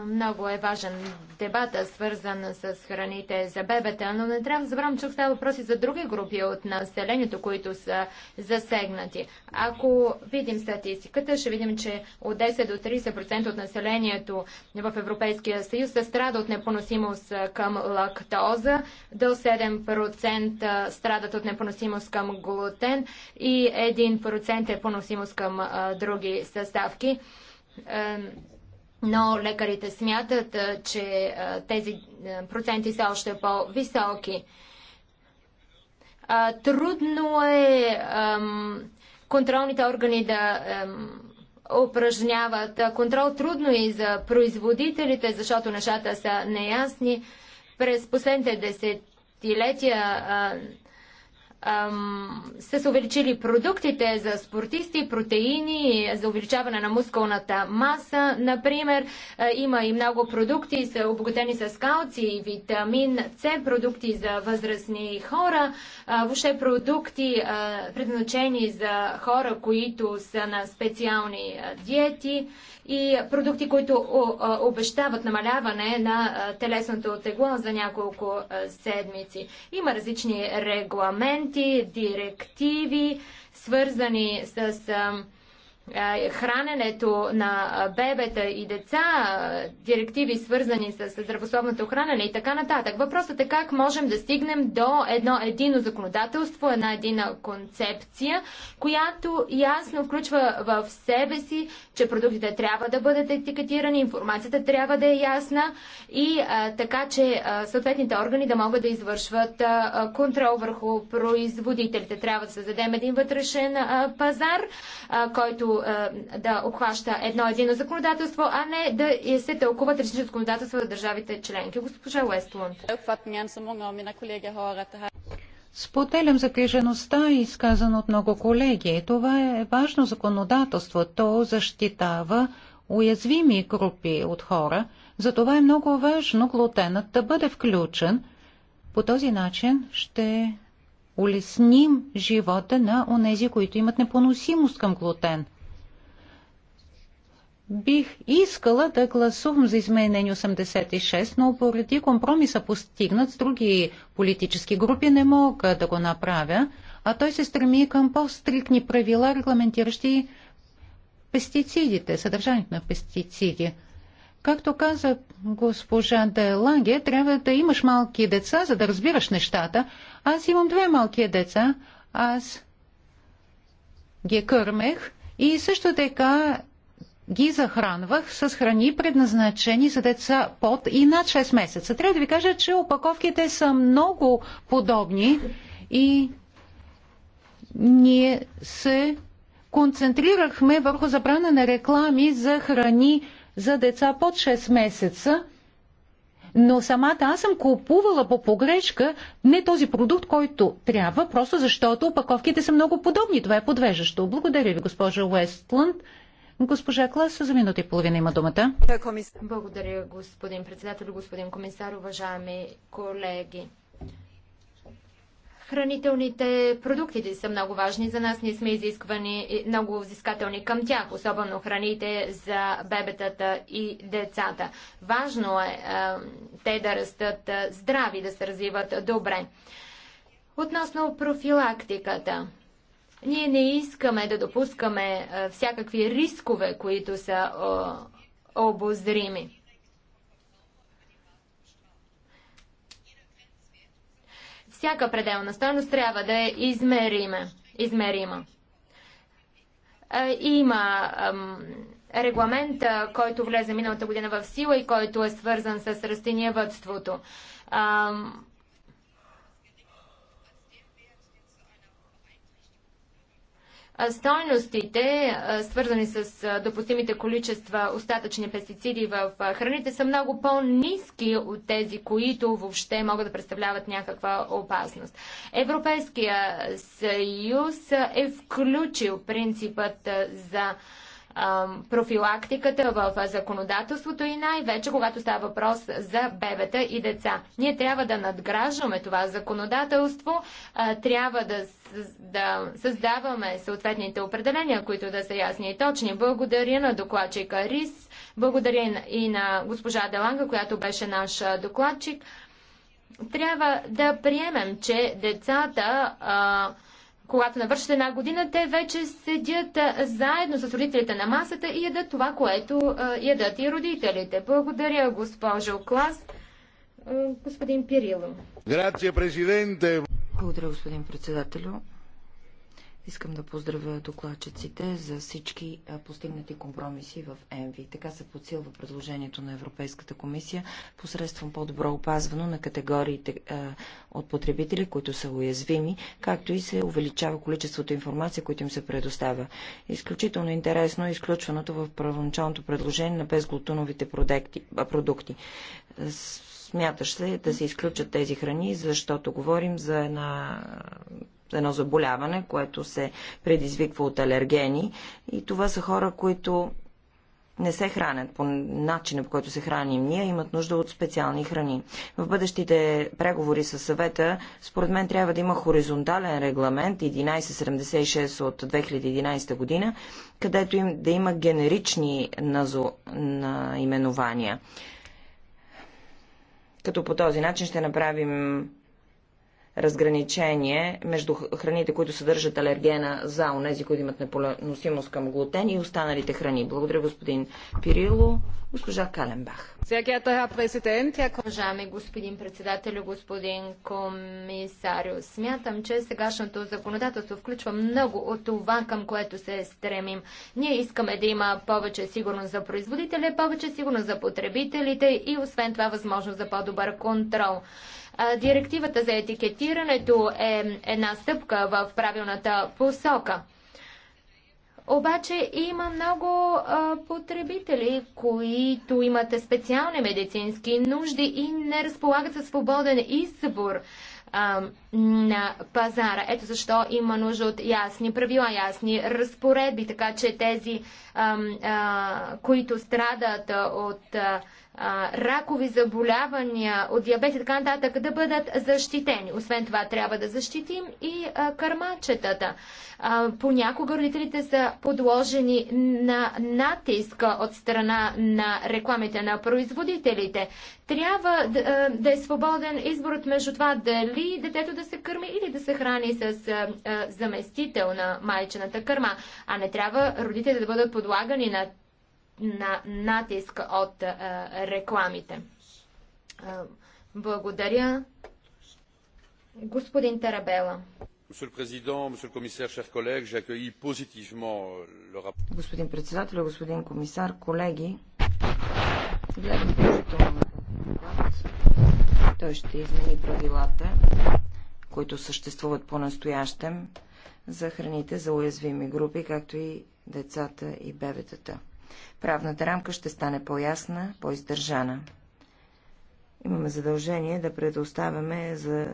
Много е важен дебата, свързан с храните за бебета, но не трябва да забравям, че става въпроси за други групи от населението, които са засегнати. Ако видим статистиката, ще видим, че от 10 до 30% от населението в Европейския съюз се страда от непоносимост към лактоза, до 7% страдат от непоносимост към глутен и 1% е поносимост към други съставки но лекарите смятат, че тези проценти са още по-високи. Трудно е контролните органи да упражняват контрол. Трудно е и за производителите, защото нещата са неясни. През последните десетилетия са се увеличили продуктите за спортисти, протеини, за увеличаване на мускулната маса, например. Има и много продукти, са обогатени с калци и витамин С, продукти за възрастни хора, въобще продукти, предназначени за хора, които са на специални диети и продукти, които обещават намаляване на телесното тегло за няколко седмици. Има различни регламенти, документи, директиви, свързани с е, храненето на бебета и деца, директиви свързани с здравословното хранене и така нататък. Въпросът е как можем да стигнем до едно едино законодателство, една едина концепция, която ясно включва в себе си, че продуктите трябва да бъдат етикетирани, информацията трябва да е ясна и а, е, така, че а, е, съответните органи да могат да извършват а, контрол върху производителите. Трябва да създадем един вътрешен а, пазар, а, който да обхваща едно едино законодателство, а не да се тълкуват различни законодателства от държавите членки. Госпожа Уестланд. Споделям загрижеността, изказана от много колеги. Това е важно законодателство. То защитава уязвими групи от хора. Затова е много важно глутенът да бъде включен. По този начин ще улесним живота на онези, които имат непоносимост към глутен – Бих искала да гласувам за изменение 86, но поради компромиса постигнат с други политически групи не мога да го направя, а той се стреми към по-стрикни правила, регламентиращи пестицидите, съдържанието на пестициди. Както каза госпожа Деланге, трябва да имаш малки деца, за да разбираш нещата. Аз имам две малки деца. Аз ги кърмех и също така ги захранвах с храни, предназначени за деца под и над 6 месеца. Трябва да ви кажа, че опаковките са много подобни и ние се концентрирахме върху забрана на реклами за храни за деца под 6 месеца. Но самата аз съм купувала по погрешка не този продукт, който трябва, просто защото опаковките са много подобни. Това е подвеждащо. Благодаря ви, госпожа Уестланд. Госпожа Клас, за минута и половина има думата. Благодаря, господин председател, господин комисар, уважаеми колеги. Хранителните продукти са много важни за нас. Ние сме изисквани много взискателни към тях, особено храните за бебетата и децата. Важно е те да растат здрави, да се развиват добре. Относно профилактиката – ние не искаме да допускаме всякакви рискове, които са обозрими. Всяка пределна стойност трябва да е измерима измерима. Има регламент, който влезе миналата година в сила и който е свързан с растениевътството. Ам, Стойностите, свързани с допустимите количества остатъчни пестициди в храните, са много по-низки от тези, които въобще могат да представляват някаква опасност. Европейския съюз е включил принципът за профилактиката в законодателството и най-вече когато става въпрос за бебета и деца. Ние трябва да надграждаме това законодателство, трябва да, да създаваме съответните определения, които да са ясни и точни. Благодаря на докладчика Рис, благодаря и на госпожа Деланга, която беше наш докладчик. Трябва да приемем, че децата а, когато навършат една година, те вече седят заедно с родителите на масата и ядат това, което ядат и родителите. Благодаря, госпожо Клас. Господин Пирило. президенте. Благодаря, господин председателю. Искам да поздравя докладчиците за всички постигнати компромиси в ЕМВИ. Така се подсилва предложението на Европейската комисия посредством по-добро опазване на категориите от потребители, които са уязвими, както и се увеличава количеството информация, които им се предоставя. Изключително интересно е изключването в първоначалното предложение на безглутуновите продукти смяташ се да се изключат тези храни, защото говорим за една едно заболяване, което се предизвиква от алергени. И това са хора, които не се хранят по начина, по който се храним ние, имат нужда от специални храни. В бъдещите преговори с съвета, според мен трябва да има хоризонтален регламент 1176 от 2011 година, където им, да има генерични назо, именования. Като по този начин ще направим разграничение между храните, които съдържат алергена за онези, които имат непоносимост към глутен и останалите храни. Благодаря господин Пирило. Госпожа Каленбах. Уважаеми господин председател, господин комисарио, смятам, че сегашното законодателство включва много от това, към което се стремим. Ние искаме да има повече сигурност за производителя, повече сигурност за потребителите и освен това възможност за по-добър контрол. Директивата за етикетирането е една стъпка в правилната посока. Обаче има много а, потребители, които имат специални медицински нужди и не разполагат със свободен избор а, на пазара. Ето защо има нужда от ясни правила, ясни разпоредби, така че тези, а, а, които страдат от а, ракови заболявания, от диабет и така нататък да бъдат защитени. Освен това трябва да защитим и кърмачетата. понякога родителите са подложени на натиск от страна на рекламите на производителите. Трябва да, да е свободен изборът между това дали детето да се кърми или да се храни с заместител на майчената кърма. А не трябва родителите да бъдат подлагани на на натиск от а, рекламите. А, благодаря. Господин Тарабела. Euh, господин председател, господин комисар, колеги, гледам положително Той ще измени правилата, които съществуват по-настоящем за храните за уязвими групи, както и децата и бебетата. Правната рамка ще стане по-ясна, по-издържана. Имаме задължение да предоставяме за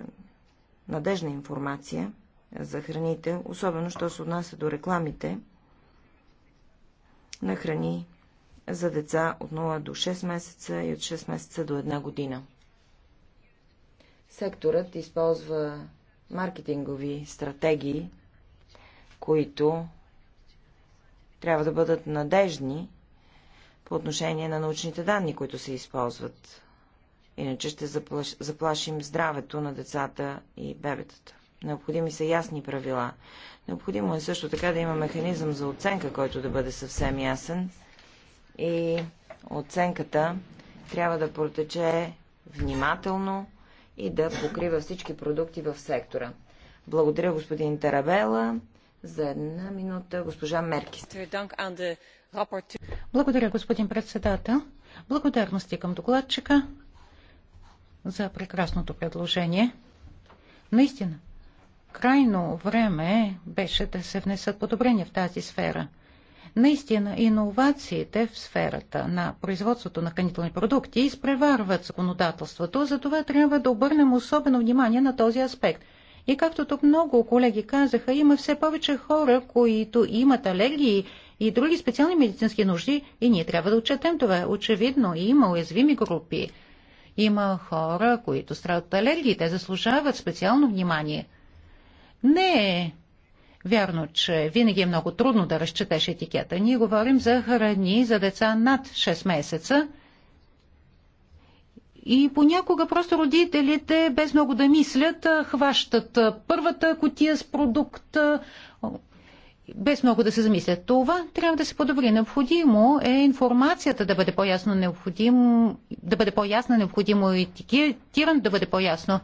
надежна информация за храните, особено, що се отнася до рекламите на храни за деца от 0 до 6 месеца и от 6 месеца до 1 година. Секторът използва маркетингови стратегии, които трябва да бъдат надежни по отношение на научните данни, които се използват. Иначе ще заплашим здравето на децата и бебетата. Необходими са ясни правила. Необходимо е също така да има механизъм за оценка, който да бъде съвсем ясен. И оценката трябва да протече внимателно и да покрива всички продукти в сектора. Благодаря господин Тарабела. За една минута госпожа Меркис. Благодаря, господин председател. Благодарности към докладчика за прекрасното предложение. Наистина, крайно време беше да се внесат подобрения в тази сфера. Наистина, иновациите в сферата на производството на хранителни продукти изпреварват законодателството, затова трябва да обърнем особено внимание на този аспект – и както тук много колеги казаха, има все повече хора, които имат алергии и други специални медицински нужди и ние трябва да отчетем това. Очевидно има уязвими групи. Има хора, които страдат от алергии, те заслужават специално внимание. Не е вярно, че винаги е много трудно да разчетеш етикета. Ние говорим за храни за деца над 6 месеца – и понякога просто родителите, без много да мислят, хващат първата котия с продукт, без много да се замислят. Това трябва да се подобри. Необходимо е информацията да бъде по-ясно необходимо, да бъде по-ясна, необходимо етикетиран да бъде по-ясно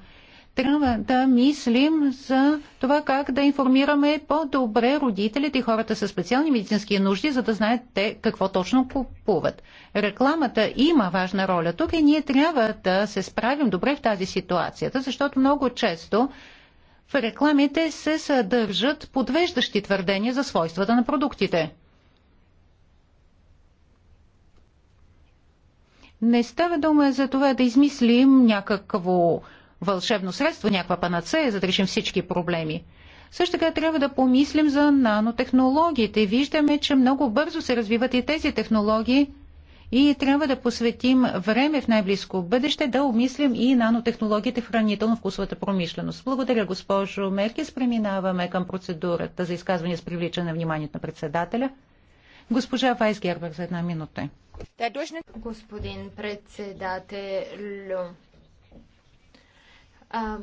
трябва да мислим за това как да информираме по-добре родителите и хората с специални медицински нужди, за да знаят те какво точно купуват. Рекламата има важна роля тук и ние трябва да се справим добре в тази ситуация, защото много често в рекламите се съдържат подвеждащи твърдения за свойствата на продуктите. Не става дума за това да измислим някакво вълшебно средство, някаква панацея, за да решим всички проблеми. Също така трябва да помислим за нанотехнологиите. Виждаме, че много бързо се развиват и тези технологии и трябва да посветим време в най-близко бъдеще да обмислим и нанотехнологиите в хранително-вкусовата промишленост. Благодаря, госпожо Меркес, Преминаваме към процедурата за изказване с привличане на вниманието на председателя. Госпожа Вайсгербер за една минута. Господин председател, а,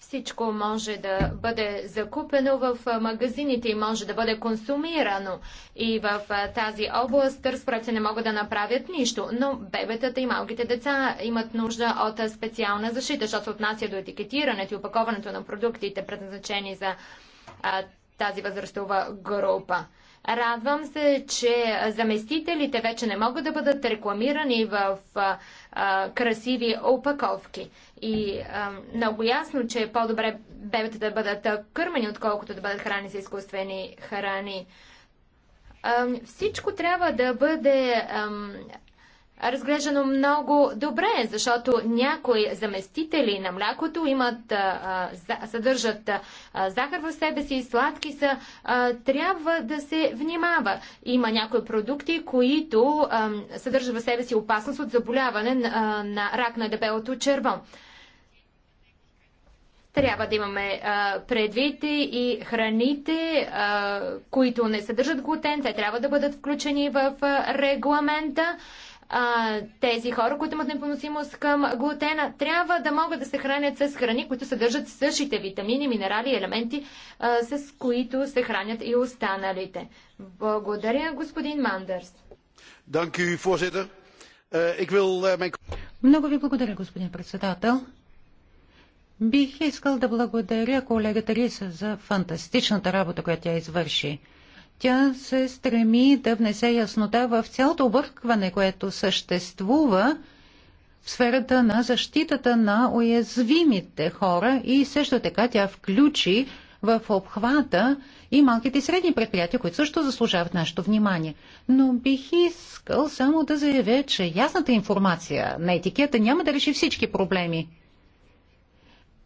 всичко може да бъде закупено в магазините и може да бъде консумирано. И в тази област търспраци не могат да направят нищо, но бебетата и малките деца имат нужда от специална защита, защото се отнася до етикетирането и опаковането на продуктите, предназначени за а, тази възрастова група. Радвам се, че заместителите вече не могат да бъдат рекламирани в а, а, красиви опаковки. И а, много ясно, че е по-добре бебета да бъдат кърмени, отколкото да бъдат храни с изкуствени храни. А, всичко трябва да бъде разглеждано много добре, защото някои заместители на млякото имат, съдържат захар в себе си, сладки са, трябва да се внимава. Има някои продукти, които съдържат в себе си опасност от заболяване на, рак на дебелото черво. Трябва да имаме предвид и храните, които не съдържат глутен. Те трябва да бъдат включени в регламента а, тези хора, които имат непоносимост към глутена, трябва да могат да се хранят с храни, които съдържат същите витамини, минерали и елементи, а, с които се хранят и останалите. Благодаря, господин Мандърс. Eh, eh, Много ви благодаря, господин председател. Бих искал да благодаря колегата Риса за фантастичната работа, която тя извърши. Тя се стреми да внесе яснота в цялото объркване, което съществува в сферата на защитата на уязвимите хора и също така тя включи в обхвата и малките и средни предприятия, които също заслужават нашето внимание. Но бих искал само да заявя, че ясната информация на етикета няма да реши всички проблеми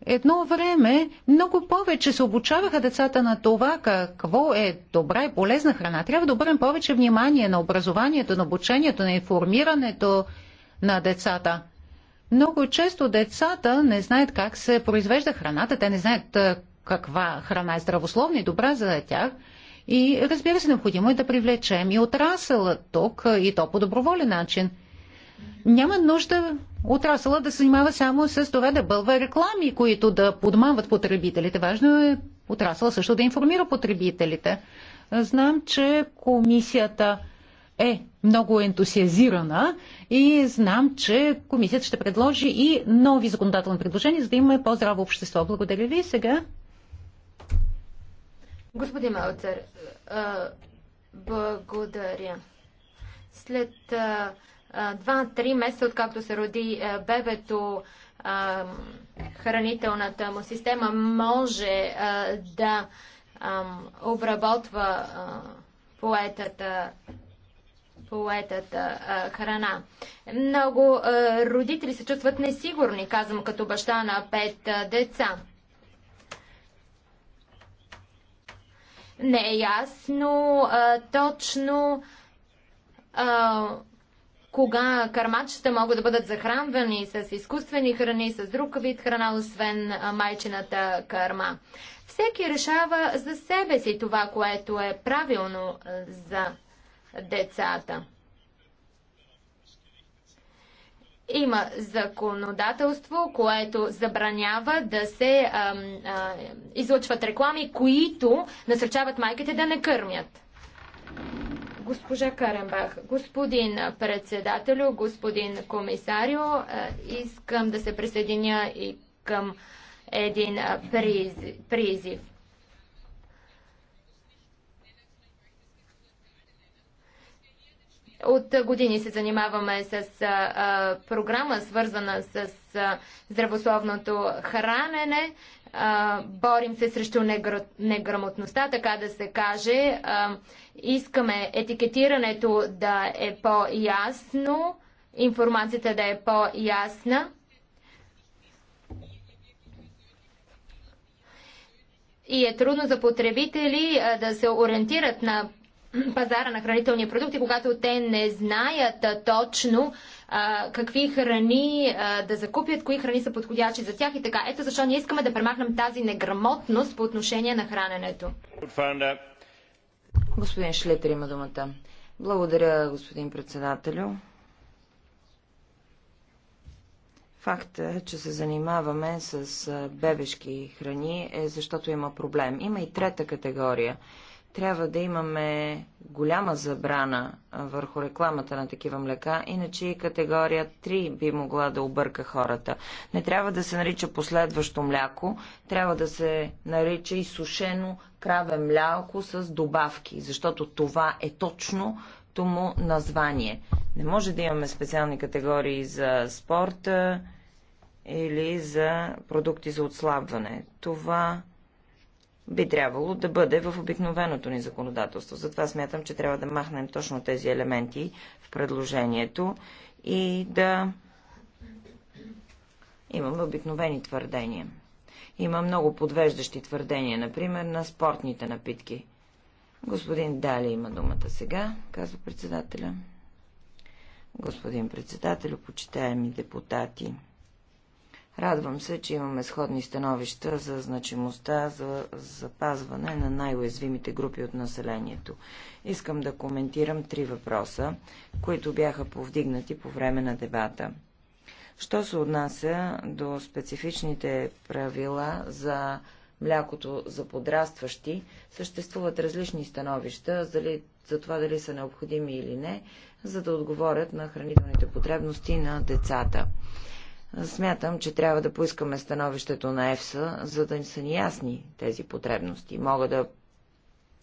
едно време много повече се обучаваха децата на това какво е добра и полезна храна. Трябва да обърнем повече внимание на образованието, на обучението, на информирането на децата. Много често децата не знаят как се произвежда храната, те не знаят каква храна е здравословна и добра за тях. И разбира се, необходимо е да привлечем и отрасъла тук, и то по доброволен начин. Няма нужда отрасъла да се занимава само с това да бълва реклами, които да подмамват потребителите. Важно е отрасъла също да информира потребителите. Знам, че комисията е много ентусиазирана и знам, че комисията ще предложи и нови законодателни предложения, за да имаме по-здраво общество. Благодаря ви сега. Господин Малцер, благодаря. След два-три месеца, откакто се роди бебето, хранителната му система може да обработва поетата поетата храна. Много родители се чувстват несигурни, казвам като баща на пет деца. Не е ясно а, точно а, кога кармачета могат да бъдат захранвани с изкуствени храни, с друг вид храна, освен майчината карма. Всеки решава за себе си това, което е правилно за децата. Има законодателство, което забранява да се а, а, излъчват реклами, които насърчават майките да не кърмят. Госпожа Каренбах, господин председателю, господин комисарио, е, искам да се присъединя и към един е, призив. От години се занимаваме с а, е, програма, свързана с а, здравословното хранене а, борим се срещу негр... неграмотността, така да се каже. А, искаме етикетирането да е по-ясно, информацията да е по-ясна. И е трудно за потребители а, да се ориентират на пазара на хранителни продукти, когато те не знаят точно а, какви храни а, да закупят, кои храни са подходящи за тях и така. Ето защо ние искаме да премахнем тази неграмотност по отношение на храненето. Господин Шлетер има думата. Благодаря, господин председателю. Факт, е, че се занимаваме с бебешки храни е защото има проблем. Има и трета категория трябва да имаме голяма забрана върху рекламата на такива млека, иначе и категория 3 би могла да обърка хората. Не трябва да се нарича последващо мляко, трябва да се нарича изсушено краве мляко с добавки, защото това е точно му название. Не може да имаме специални категории за спорта или за продукти за отслабване. Това би трябвало да бъде в обикновеното ни законодателство. Затова смятам, че трябва да махнем точно тези елементи в предложението и да имаме обикновени твърдения. Има много подвеждащи твърдения, например, на спортните напитки. Господин Дали има думата сега, казва председателя. Господин председател, почитаеми депутати, Радвам се, че имаме сходни становища за значимостта за запазване на най-уязвимите групи от населението. Искам да коментирам три въпроса, които бяха повдигнати по време на дебата. Що се отнася до специфичните правила за млякото за подрастващи, съществуват различни становища за това дали са необходими или не, за да отговорят на хранителните потребности на децата. Смятам, че трябва да поискаме становището на ЕФСА, за да ни са ни ясни тези потребности. Мога да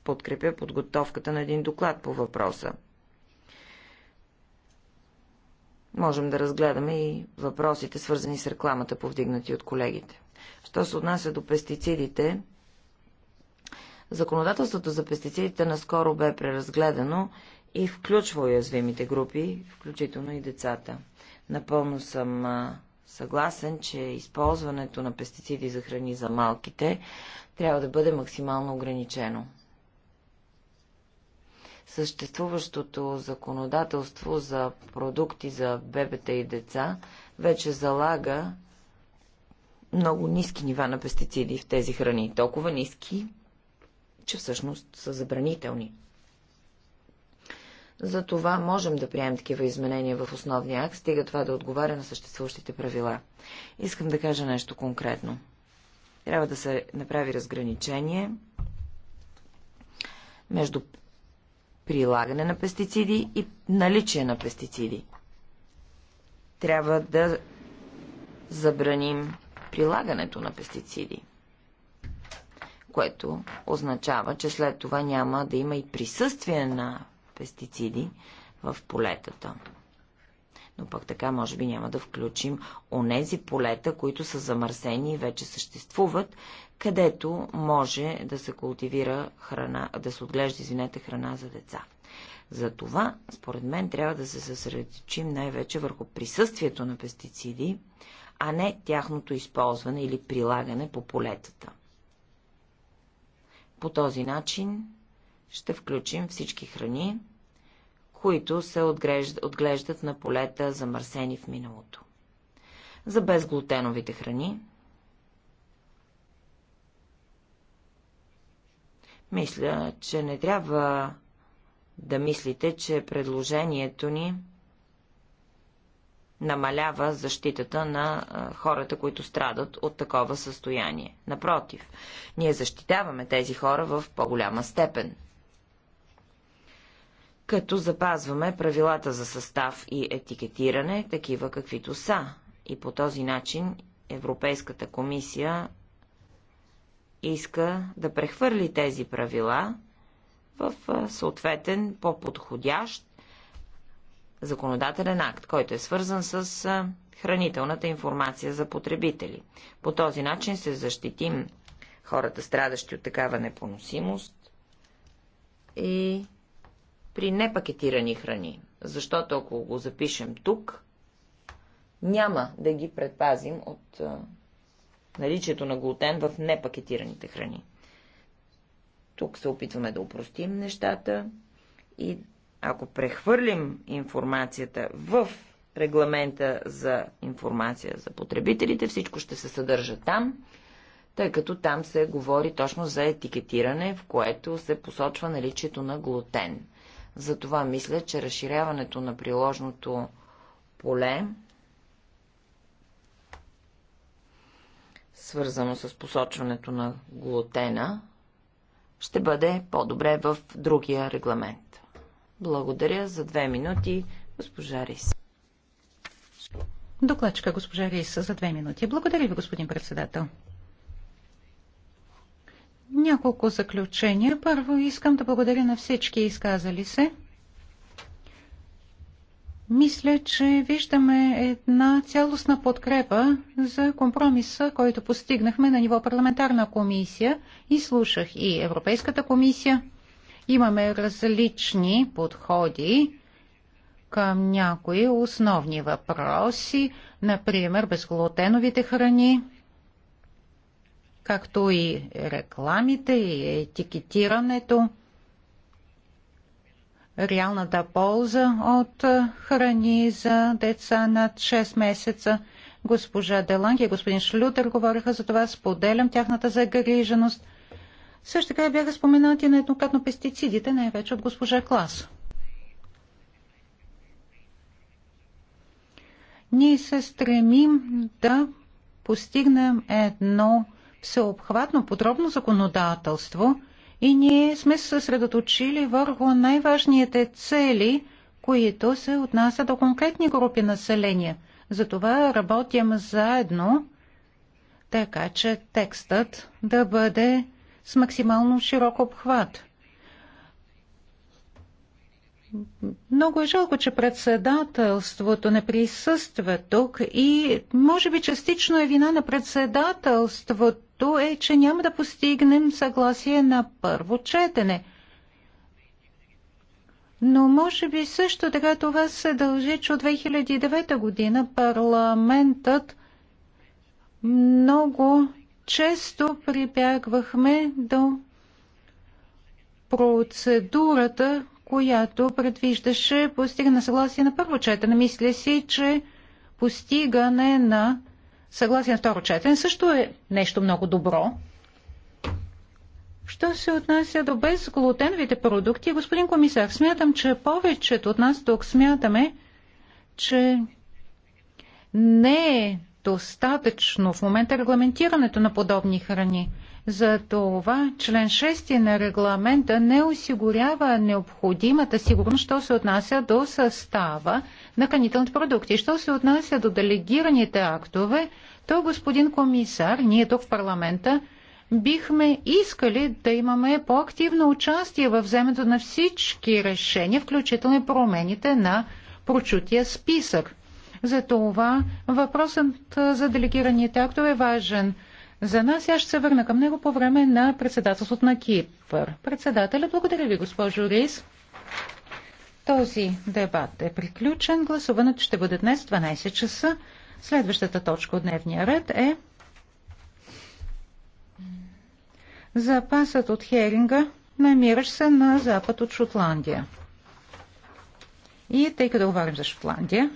подкрепя подготовката на един доклад по въпроса. Можем да разгледаме и въпросите, свързани с рекламата, повдигнати от колегите. Що се отнася до пестицидите, законодателството за пестицидите наскоро бе преразгледано и включва уязвимите групи, включително и децата. Напълно съм съгласен, че използването на пестициди за храни за малките трябва да бъде максимално ограничено. Съществуващото законодателство за продукти за бебета и деца вече залага много ниски нива на пестициди в тези храни. Толкова ниски, че всъщност са забранителни. За това можем да приемем такива изменения в основния акт, стига това да отговаря на съществуващите правила. Искам да кажа нещо конкретно. Трябва да се направи разграничение между прилагане на пестициди и наличие на пестициди. Трябва да забраним прилагането на пестициди, което означава, че след това няма да има и присъствие на пестициди в полетата. Но пък така може би няма да включим онези полета, които са замърсени и вече съществуват, където може да се култивира храна, да се отглежда, извинете, храна за деца. За това, според мен, трябва да се съсредоточим най-вече върху присъствието на пестициди, а не тяхното използване или прилагане по полетата. По този начин ще включим всички храни, които се отглеждат на полета замърсени в миналото. За безглутеновите храни мисля, че не трябва да мислите, че предложението ни намалява защитата на хората, които страдат от такова състояние. Напротив, ние защитаваме тези хора в по-голяма степен като запазваме правилата за състав и етикетиране, такива каквито са. И по този начин Европейската комисия иска да прехвърли тези правила в съответен по-подходящ законодателен акт, който е свързан с хранителната информация за потребители. По този начин се защитим хората, страдащи от такава непоносимост и при непакетирани храни, защото ако го запишем тук, няма да ги предпазим от наличието на глутен в непакетираните храни. Тук се опитваме да упростим нещата и ако прехвърлим информацията в регламента за информация за потребителите, всичко ще се съдържа там, тъй като там се говори точно за етикетиране, в което се посочва наличието на глутен. Затова мисля, че разширяването на приложното поле, свързано с посочването на глутена, ще бъде по-добре в другия регламент. Благодаря за две минути, госпожа Рис. Докладчика госпожа Рис за две минути. Благодаря ви, господин председател. Няколко заключения. Първо искам да благодаря на всички изказали се. Мисля, че виждаме една цялостна подкрепа за компромиса, който постигнахме на ниво парламентарна комисия и слушах и Европейската комисия. Имаме различни подходи към някои основни въпроси, например безглотеновите храни – както и рекламите и етикетирането. Реалната полза от храни за деца над 6 месеца. Госпожа Деланг и господин Шлютер говориха за това. Споделям тяхната загриженост. Също така бяха споменати на еднократно пестицидите, най-вече от госпожа Клас. Ние се стремим да постигнем едно всеобхватно, подробно законодателство и ние сме се съсредоточили върху най-важните цели, които се отнасят до конкретни групи населения. Затова работим заедно, така че текстът да бъде с максимално широк обхват. Много е жалко, че председателството не присъства тук и може би частично е вина на председателството, което е, че няма да постигнем съгласие на първо четене. Но може би също така това се дължи, че от 2009 година парламентът много често прибягвахме до процедурата, която предвиждаше постигане на съгласие на първо четене. Мисля си, че постигане на съгласие на второ четене също е нещо много добро. Що се отнася до безглутеновите продукти, господин комисар, смятам, че повечето от нас тук смятаме, че не е достатъчно в момента регламентирането на подобни храни. За това член 6 на регламента не осигурява необходимата сигурност, що се отнася до състава на канителните продукти. Що се отнася до делегираните актове, то, господин комисар, ние тук в парламента бихме искали да имаме по-активно участие във вземето на всички решения, включително и промените на прочутия списък. За това въпросът за делегираните актове е важен – за нас. Аз ще се върна към него по време на председателството на Кипър. Председателя, благодаря ви, госпожо Рис. Този дебат е приключен. Гласуването ще бъде днес 12 часа. Следващата точка от дневния ред е запасът от херинга, намиращ се на запад от Шотландия. И тъй като говорим за Шотландия,